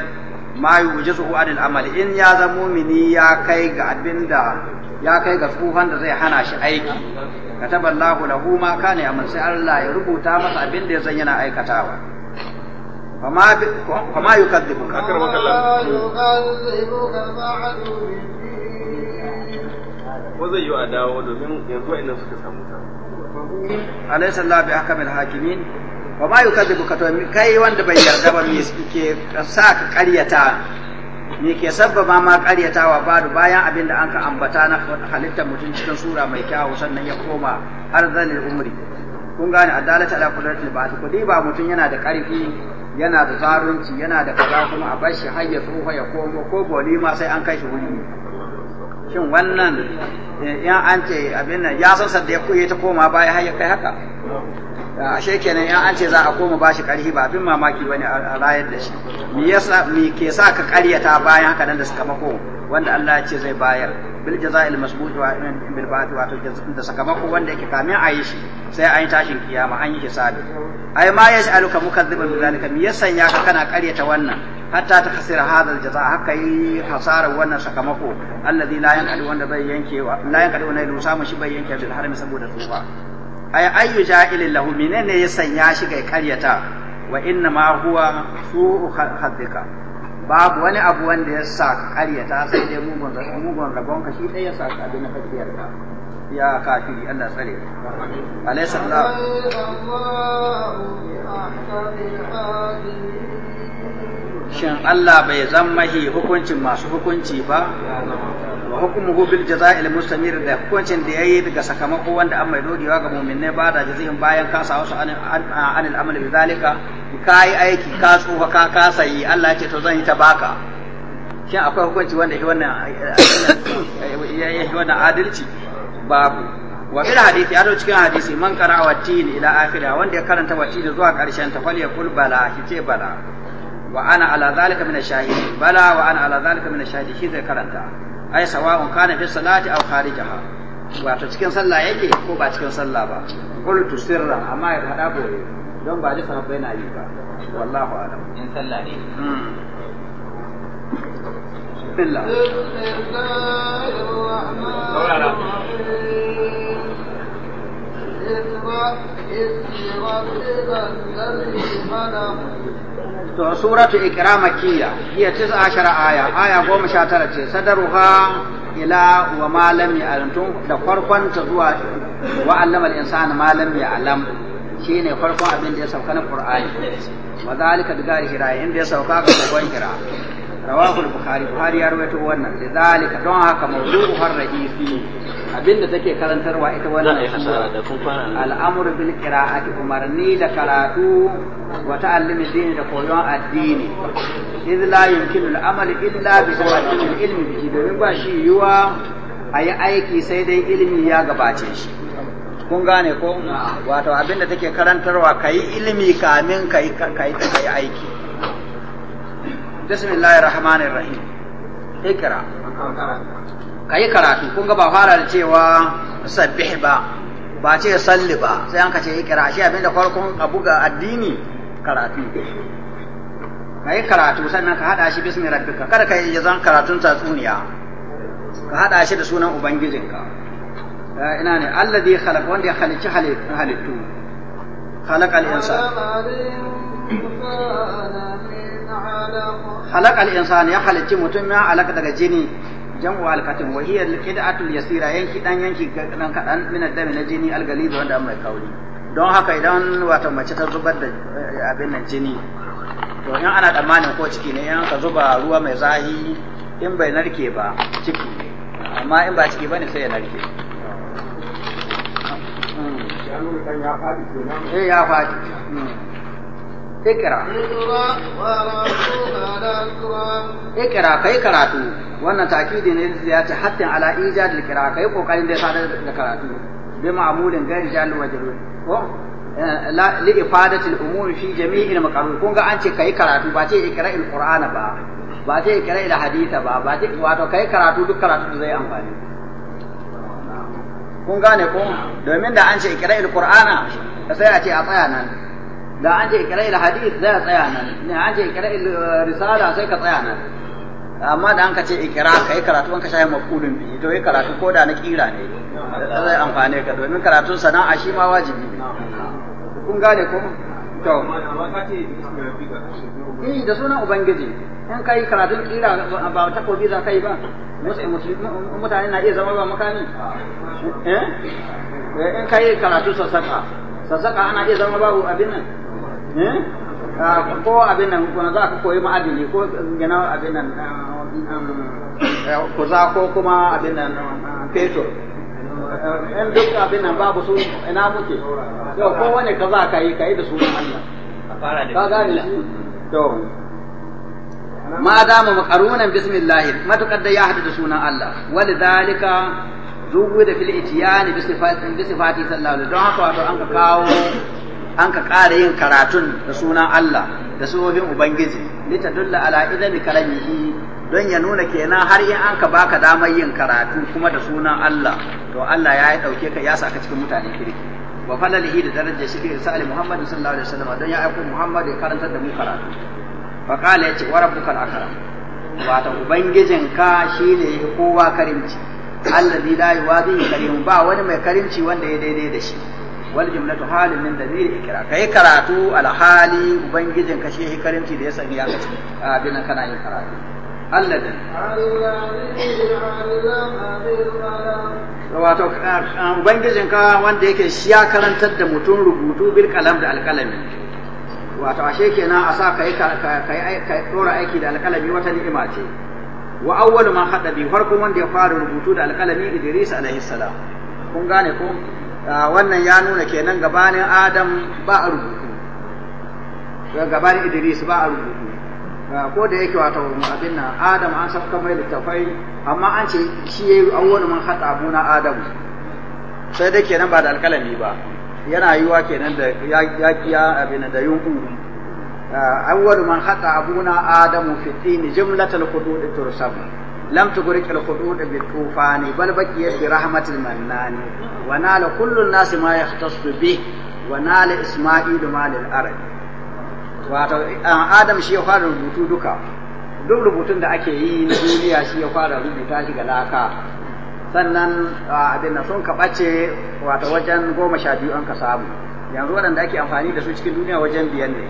ma yujizu an al amal in ya zama mu'mini ya kai ga abinda ya kai ga tsufan da zai hana shi aiki kataballahu lahu ma kana yamin sai Allah ya rubuta masa abinda ya san yana aikatawa فما ب... فما يكذبك. ko zai yi a dawo domin yanzu wa'annan suka samu ta alaysa Allah bi hakimin wa ma yukadzibu ka to kai wanda bai yarda ba me ke sa ka karyata me ke sabbaba ma karyatawa da bayan abin da an ka ambata na halittar mutum cikin sura mai kyawu sannan ya koma har arzalil umri kun gane adalata ala qudratil ba'd kudi ba mutum yana da karfi yana da zarunci yana da kaza kuma a bashi shi har ya ko boli ma sai an kai shi wuri shin wannan eh, in an ce abin nan ya san sadda ya kuye ta koma baya har ya kai haka ah, ashe kenan in an ce za a koma bashi karhi ba abin mamaki bane a rayar da shi me yasa me ke sa ka karyata bayan haka nan da sakamako wanda Allah ya ce zai bayar bil jaza'il masbut wa bil ba'd wato da sakamako wanda yake kamin a yi shi sai an yi tashin kiyama an yi hisabi ai ma yas'aluka mukazziban bi zalika me yasa ya ka kana karyata wannan hatta ta khasira hadha aljaza haka yi hasara wannan sakamako alladhi la yanqadi wanda bai yanke wa la yanqadi wanda ya samu shi bai yanke bil harami saboda tsufa ay ayyu ja'ilin lahu menene ya sanya shi kai karyata wa inna ma huwa su'u haddika babu wani abu wanda ya sa karyata sai dai mugun mugun rabon ka shi dai ya sa ka abin da kake ya kafiri Allah tsare alaysa Allah shin Allah bai zammahi hukuncin masu hukunci ba wa hukumuhu bil jaza'il mustamir da hukuncin da yayi daga sakamako wanda an mai dogewa ga mu'minai ba da jazihin bayan ka sawo su anil amal bi zalika kai aiki ka tsufa ka kasa yi Allah ce to zan yi ta baka shin akwai hukunci wanda shi wannan ya shi wannan adalci babu wa ila hadisi ya cikin hadisi man qara'a wa tin ila akhirah wanda ya karanta wa tin zuwa karshen ta fal yaqul bala ki ce bala wa ana ala zalika min ash-shahidin bala wa ana ala zalika min ash-shahidin shi zai karanta ai sawa'un kana fi salati aw kharijaha wato cikin sallah yake ko ba cikin sallah ba qultu sirran amma ya hada boye don ba duka bai na yi ba wallahu alam in sallah ne billah إذ ربك الذي to suratu Ikiramakiya, iya hiya tis'a a aya aya goma sha tara ce sadaruha ila wa ma lam ya'lam da farkon ta zuwa wa allama al-insana ma lam ya'lam shine farkon abin da ya sauka na qur'ani wa zalika bi gari hira inda ya sauka ga sabon kira rawahu al-bukhari bukhari ya rawaito wannan lidhalika don haka mawdu'u har ra'isi abinda take karantarwa da karatu wa ta'allimi dini addini idh la illa bi ta'allimi al domin ba shi ayi aiki sai dai ilimi ya gabace kun gane ko wato abinda take karantarwa kayi ilimi kamin kai kai aiki bismillahir rahmanir rahim ikra kai karatu kun ga ba fara da cewa sabbih ba ba ce salli ba sai an ka ce ikra shi abinda farkon abu ga addini karatu kai karatu sannan ka hada shi bismi rabbika kada ka yi zan karatun tatsuniya ka hada shi da sunan ubangijinka eh, ina ne allazi khalaq wanda ya halicci halittu khalaqal insan halakal insani ya halicci mutum ya alaka daga jini jam'u alkatin wa hiya alqid'atul yasira yanki dan yanki dan kadan min dami na jini algalid wanda amma kauri don haka idan wata mace ta zubar da abin nan jini to in ana tsammanin ko ciki ne in ka zuba ruwa mai zahi in bai narke ba ciki amma in ba ciki bane sai ya narke eh ya faɗi ikra ikra kai karatu wannan takidi ne ya ce hatta ala ijad al qira kai kokarin da sadar da karatu bi ma'amulin gari gairi jal wajru ko eh, li ifadatil umur fi jami'il maqarrun kun ga an ce kai karatu ba ce ikra al qur'ana ba ba ce ikra al haditha ba ba ce wato kai karatu duk karatu da zai amfani kun gane ko domin da an ce ikra al qur'ana sai a ce a tsaya nan da an je kira ila hadith zai tsaya nan ne an je kira ila eh, risala sai ka tsaya nan amma da an ka ce ka kai karatu an ka shayi maqulun bi to yi karatu ko da na kira ne zai amfane ka domin karatun sana'a shi ma wajibi kun gane ko to eh da sunan ubangiji in kai karatun kira ba takobi za kai ba mutane na iya zama ba makami eh, eh in kai karatu sassaka sassaka ana iya zama babu abin nan Eh? Ah, ko abin nan kuma za ka koyi ma'adini ko gina abin nan za ah, ah, eh, ko kuma abin nan fetur in eh, duk abin nan babu su ina muke yau ko wani ka za ka yi ka yi da sunan Allah ka gane shi to ma mu makarunan bismillah matukar da ya hadu da sunan Allah walidhalika zubu da fil itiyani bi sifati sallallahu alaihi don haka wato an ka kawo an ka ƙara yin karatun da sunan Allah da sunan Ubangiji lita dulla ala idan karamihi don ya nuna kenan har in an ka baka damar yin karatu kuma da sunan Allah to Allah ya yi ɗauke ka ya sa ka cikin mutane kirki wa falalihi da daraja shi ke sa'ali Muhammadu sallallahu alaihi wasallam don ya aiko Muhammadu ya karantar da mu karatu fa qala yace wa rabbukal akram wato ubangijinka shine kowa karimci Allah allazi la zai karim ba wani mai karimci wanda ya daidai da shi wal jumlatu halin min damir ikra kai karatu al hali ubangijin ka shehi karimci da ya sani ya kace ah, abin kana yin karatu alladhi wato ah, ubangijin ka wanda yake shi ya karantar da mutum rubutu bil kalam da alkalami wato ashe kenan a sa kai kai dora aiki da alƙalami wata ni'ima ce wa awwalu man hada bi farko wanda ya fara rubutu da alƙalami Idris alaihi salam kun gane ko Ah, wannan ya nuna kenan gabanin adam ba a rubutu gabanin idris ba a rubutu ah, ko da yake wata abin nan adam an safka mai littafai amma an ce shi ya yi awon man hata abuna adam sai dai kenan ba da alkalami ba yana yiwa kenan da ya kiya abin da yunku awon ah, man hata abuna adam fi tin jumlatul hudud tursab lam tughriq al-hudud bi tufani bal baqiyat bi rahmatil mannani wa nala kullu an-nas ma yahtassu bi wa nala isma'il ma lil arab wato adam shi ya fara rubutu duka duk rubutun da ake yi na duniya shi ya fara rubuta shi ga laka sannan abin da sun kaɓace wata wajen goma sha biyu an ka samu yanzu waɗanda ake amfani da su cikin duniya wajen biyan ne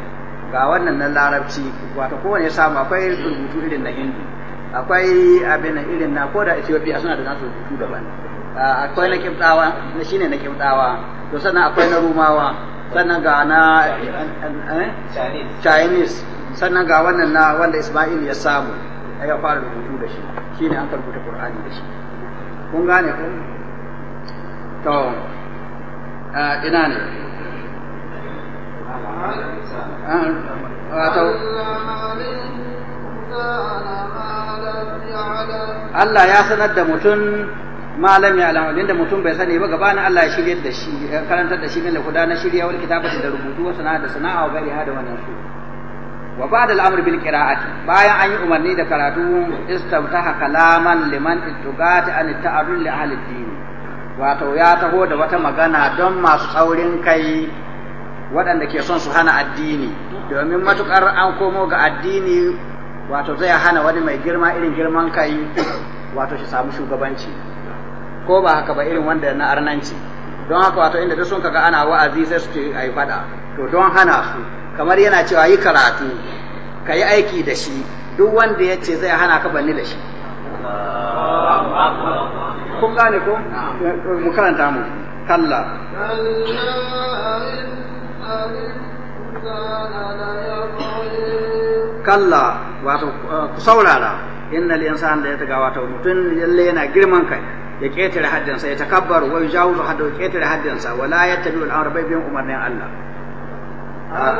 ga wannan nan larabci wata kowane ya samu akwai rubutu irin na hindu akwai abin irin na ko da Ethiopia suna da nasu rubutu daban akwai na kimtsawa na shine na kimtsawa to sannan akwai na rumawa sannan ga na eh, eh, Chinese sannan ga wannan na wanda Isma'il ya samu ya fara rubutu da shi shine an karbuta Qur'ani da shi kun gane ko to ina ne ah, wato Allah ya sanar da mutum malam ya alama abinda mutum bai sani ba gabanin Allah ya shirya da shi karantar da shi min kuda na shirya wal kitabati da rubutu wa sana'a da sana'a wa gari hada wannan su wa ba'da al-amr bil qira'ati bayan an yi umarni da karatu istamtaha kalaman liman ittugati an ta'arrul li ahli din wato ya taho da wata magana don masu tsaurin kai waɗanda ke son su hana addini domin matukar an komo ga addini wato zai hana wani mai girma irin girman kai wato shi samu shugabanci ko ba haka ba irin wanda na arnanci don haka wato inda sun kaga ana wa'azi sai su ce ai fada to don hana su kamar yana cewa yi karatu ka yi aiki da shi duk wanda ya ce zai hana ka banni da shi kun gane ko mu karanta mu kalla kalla wato eh, ku saurara innal insana da ya taga wato mutum yalle yana girman kai ya ketare haddinsa ya takabbar wa yajawzu hadda ya ketare haddansa wala yattabi al-amra bai bin umarnin Allah ah.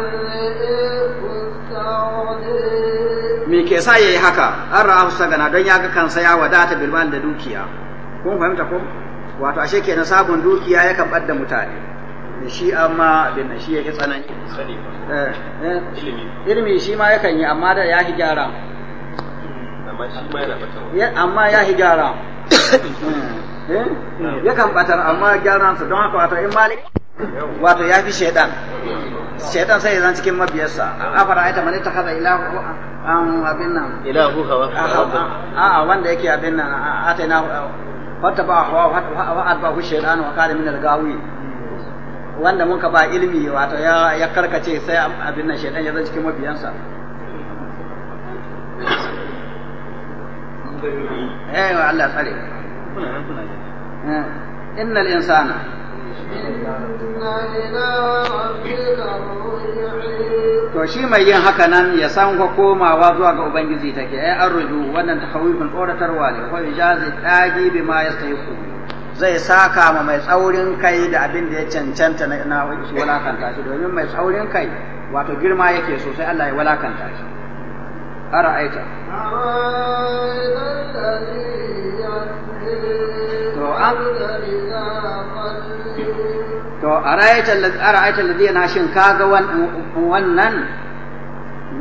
me ke sa yayi haka an ra'ahu sagana don ya ga kansa ya wadata bilmal da dukiya kun fahimta ko wato ashe kenan sabon dukiya yakan badda mutane shi amma shi yake tsanani ilimi shi ma yi amma da ya gyara amma ya gyara yakan batar amma gyaran su don haka wato in malik wato ya fi shaidan shaidan sai zan cikin mabiyarsa a fara aita mani ta kaza ilahu an abin nan ilahu hawa a wanda yake abin nan a ta na wata ba hawa wa'ad ba hu shaidan wa kare min al-gawi wanda muka ba ilimi wato ya ya karkace sai abin nan shedan ya zo cikin mabiyansa eh Allah tsare eh, innal insana To shi mai yin haka nan ya san ko komawa zuwa ga Ubangiji take, ai eh, an wannan tahawifin tsoratarwa ne, ko ijazi ɗagi bi ma ya sayi zai saka ma mai tsaurin kai da abin da ya cancanta na shi walakanta shi domin mai tsaurin kai wato girma yake so sai Allah ya walakanta shi aita to an to ara'aita ara'aita na yana shin kaga wannan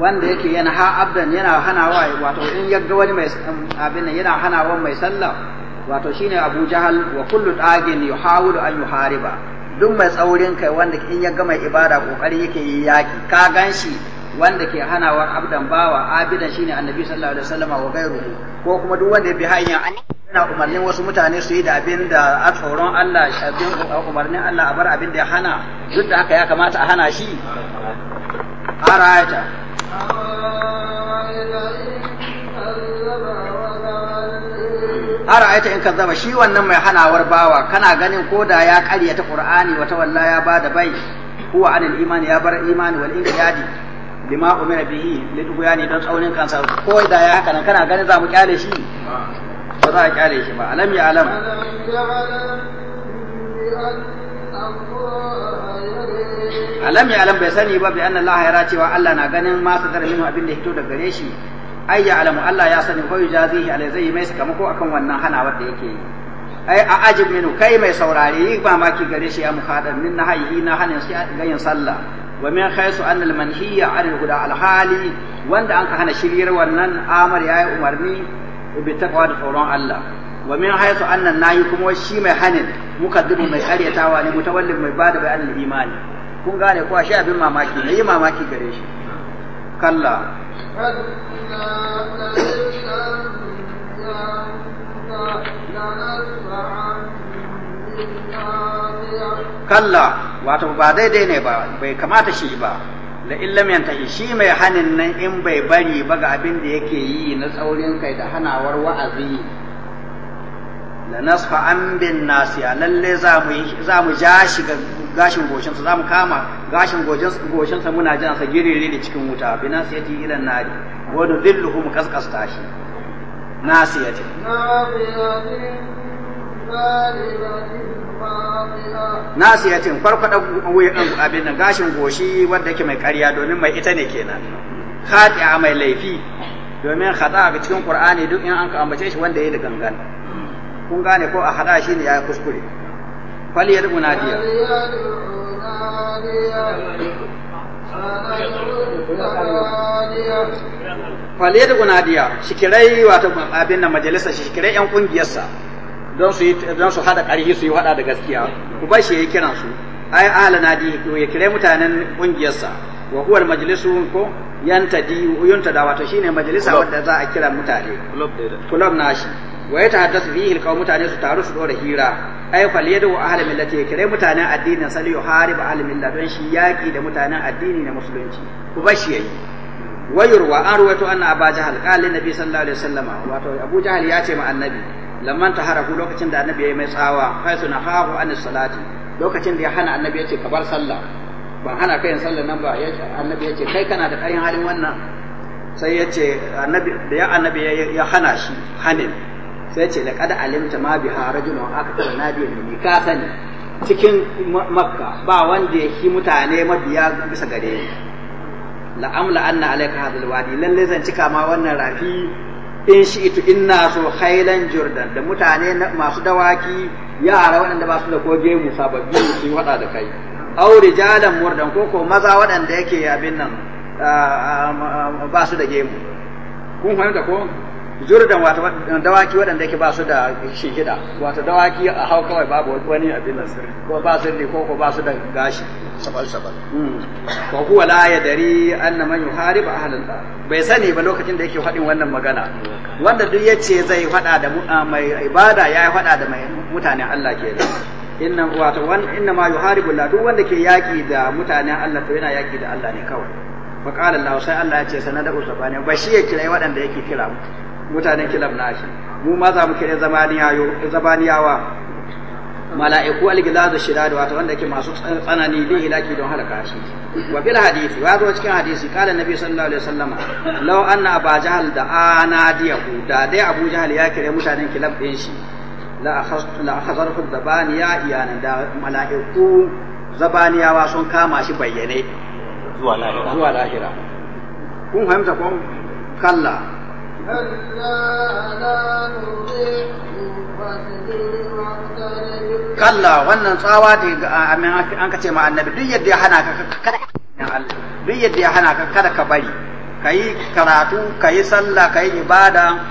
wanda yake yana ha abdan yana hanawa wato in yaga wani mai abin yana hanawa mai sallah wato shine Abu Jahal wa kullu dagin yuhawilu an yuhariba duk mai tsaurin kai wanda in ya gama ibada kokari yake yi yaki ka ganshi wanda ke hanawa abdan bawa abidan shine annabi sallallahu alaihi wasallam wa gairuhu ko kuma duk wanda ya bi hanya yana umarnin wasu mutane su yi da abin da a tsoron Allah abin umarnin Allah a bar abin da ya hana duk da haka ya kamata a hana shi arayata ara'aita in kazzaba shi wannan mai hanawar bawa kana ganin ko da ya ƙarya ta qur'ani wata walla ya bada bai huwa anil iman ya bar imani wal inqiyadi bima umira bihi liduguyani don tsaunin kansa ko da ya haka nan kana ganin za mu kyale shi ba za a kyale shi ba alam ya alam alam ya alam bai sani ba bi anna Allah ya cewa Allah na ganin ma sadar minhu abin da hito daga gare shi ai ya alamu Allah ya sani ko yujazihi alai zai mai sakamako akan wannan hana wanda yake yi ai a ajib minu kai mai saurari yi mamaki gare shi ya muhadar min hayi na hanin shi gayin sallah wa min khaysu an al manhiya an al huda al hali wanda an ka hana shiriyar wannan amar yayi umarni bi taqwa da tsoron Allah wa min haythu anna kuma shi mai hanin mukaddimu mai karyatawa ne mutawallin mai bada bayanin imani kun gane ko shi abin mamaki ne yi mamaki gare shi kalla kalla wato ba daidai ne ba bai kamata shi ba la illam yantahi shi mai hanin nan in bai bari ba ga abin da yake yi na tsaurin kai da hanawar wa'azi la nasfa an bin nasiya lalle za mu za mu ja shi ga gashin goshinsa za mu kama gashin sa muna jan sa girire da cikin wuta bi nasiyati ilan nari wa nudilluhu mu kaskasta shi nasiyati farkada wuya wuyan um, abin nan gashin goshi wanda yake mai ƙarya domin mai ita ne kenan khati'a mai laifi domin khata a cikin qur'ani duk in an ka ambace shi wanda yayi da gangan kun gane ko a hada shi ne ya kuskure faliyar unadiya faliyar unadiya shikirai wato abin na majalisa shikirai yan kungiyarsa don su haɗa su ƙarfi su yi hada da gaskiya ku bar shi ya yi kiransu ai ala nadi ya mutanen kungiyarsa wa huwa majlisu ko yantadi yuntada wato shine majalisa wanda za a kira mutane club nashi wa ya tahaddasu fihi alqawm mutane su taru su dora hira ay fal yadu ahli millati kare mutanen addinin sali yuharib ahli millati don shi yaki da mutanen addini na musulunci ku bashi yayi wa yurwa an ruwaito anna abu jahal qala nabi sallallahu alaihi wasallama wato abu jahal ya ce ma annabi lamman ku lokacin da annabi ya yi mai tsawa haisu na hafu an salati lokacin da ya hana annabi ya ce ka bar sallah ban hana ka yin sallar nan ba annabi ya ce kai kana da ƙarin halin wannan sai ya ce da ya annabi ya hana shi hanin sai ya ce da kada alimta ma biha rajulun aka tara nabiyyin ne ka sani cikin makka ba wanda ya ki mutane mabiya bisa gare ni la amla anna alayka hadal wadi lalle zan cika ma wannan rafi in shi itu inna so khailan jordan da mutane masu dawaki yara waɗanda ba su da koge mu sababbi su yi wada da kai Auri jalan murdan ko ko maza waɗanda yake abin nan ba su da gemu kun fahimta ko jurdan wato dawaki waɗanda yake ba su da shigida wato dawaki a hau kawai babu wani abin nan ko ba su da ko ko ba su da gashi sabal sabal hmm. ko huwa la dari anna man yuharib ahlan bai sani ba lokacin da yake faɗin wannan magana wanda duk yace zai faɗa da mai ibada ya faɗa da mai mutane Allah kenan inna wato wan inna ma yuharibu la duk wanda ke yaki da mutanen Allah to yana yaki da Allah ne kawai fa qala Allah sai Allah ya ce sanada usbani ba shi ya kira waɗanda yake kira mutanen kilab nashi mu ma za mu kira zamaniyayo zabaniyawa mala'iku al gilazu shidad wato wanda yake masu tsanani bi hilaki don halaka shi wa fil hadisi wa zo cikin hadisi qala nabi sallallahu alaihi wasallam law anna abu jahal da anadiyahu da dai abu ya kira mutanen kilab din shi la'akhazarhu zabaniya iyana da mala'iku zabaniyawa sun kama shi bayyane zuwa lahira zuwa lahira kun fahimta kun kalla kalla wannan tsawa da amin an ka ce ma annabi duk yadda ya hana ka kada duk yadda ya hana ka kada ka bari ka yi karatu ka yi sallah ka yi ibada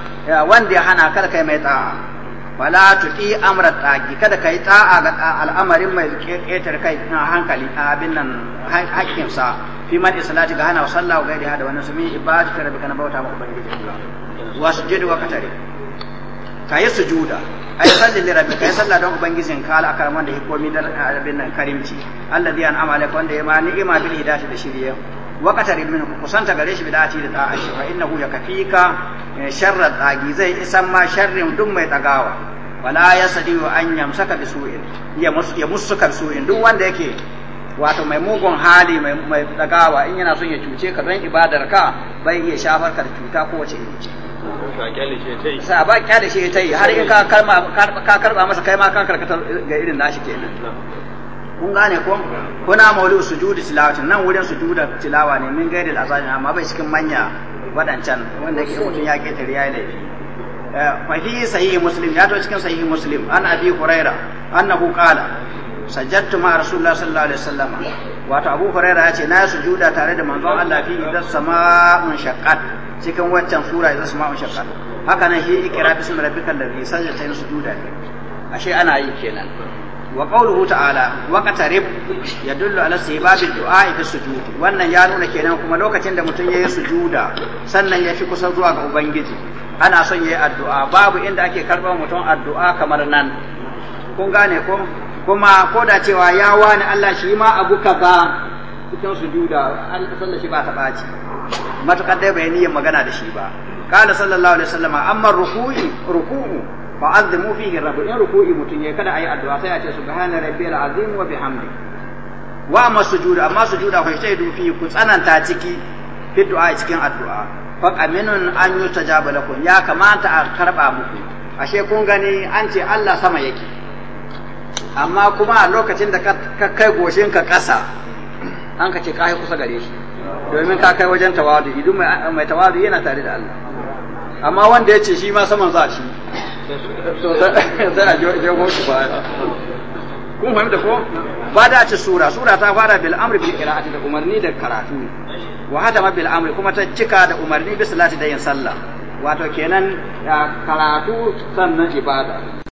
wanda ya hana kada ka yi mai tsawa wala tuti amra tsagi kada kai ta'a ga al'amarin mai ƙetar kai na hankali a abin nan hakkin sa fi man islati ga hana wa sallah ga hada wani sumi ta rabbika na bauta maka ubangiji wasjud wa katari kai sujuda ai salli li rabbika kai sallah don ubangijin ka al akram da ya komi da abin nan karimci alladhi an'ama alaikum wanda ya ma ni'ima bil hidayati da shiriya وقتر من كسنت غريش بداتي لطاعش فإنه يكفيك شر الطاغي زي اسم شر دم يتقاوى ولا يستطيع أن يمسك بسوء يمسك بسوء دوان ديكي wato mai mugun hali mai dagawa in yana son ya cuce ka don ibadar ka bai iya shafar ka cuta ko wace ne ce sa ba kyale shi ta yi har in ka karba masa kai ma kan karkatar ga irin nashi kenan kun gane ko kuna maulu sujudu tilawati nan wurin sujuda tilawa ne min gairi al'azani amma bai cikin manya wadancan wanda ke mutum ya ketare ya yi laifi fa eh, fi sahihi muslim ya to cikin sahihi muslim an abi huraira annahu qala sajjadtu ma rasulullah sallallahu alaihi wasallam wato abu huraira ya ce na sujuda tare da manzon Allah fi idan sama'un shaqqat cikin wancan sura idan sama'un shaqqat haka nan shi ikra bismi rabbikal ladhi sajjata sujuda ashe ana yi kenan wa qawluhu ta'ala wa qatarib yadullu ala sibabi du'a fi sujudi wannan ya nuna kenan kuma lokacin da mutum yayi sujuda sannan ya fi kusa zuwa ga ubangiji ana son yi addu'a babu inda ake karɓar mutum addu'a kamar nan kun gane ko kuma ko da cewa ya wani Allah shi ma abu kaza cikin sujuda an sallar shi ba ta ɓaci matukar dai bai niyyar magana da shi ba qala sallallahu alaihi wasallam amma ruku'i ruku'u fa'azzimu fihi rabbu in ruku'i mutun ya kada ayi addu'a sai a ce subhana rabbiyal azim wa bihamdi wa amma sujudu amma sujuda fa ku tsananta ciki fi du'a cikin addu'a fa aminun an yutajaba lakum ya kamata a karba muku ashe kun gani an ce Allah sama yake amma kuma a lokacin da ka kai goshin ka kasa an ka ce kai kusa gare shi domin ka kai wajen tawadu idan mai tawadu yana tare da Allah amma wanda ya ce shi ma saman za shi to sai kun fahimta ko ba ce sura sura ta fara bil amri bil qira'ati da umarni da karatu wa ma bil amri kuma ta cika da umarni bi salati da yin sallah wato kenan karatu sannan ibada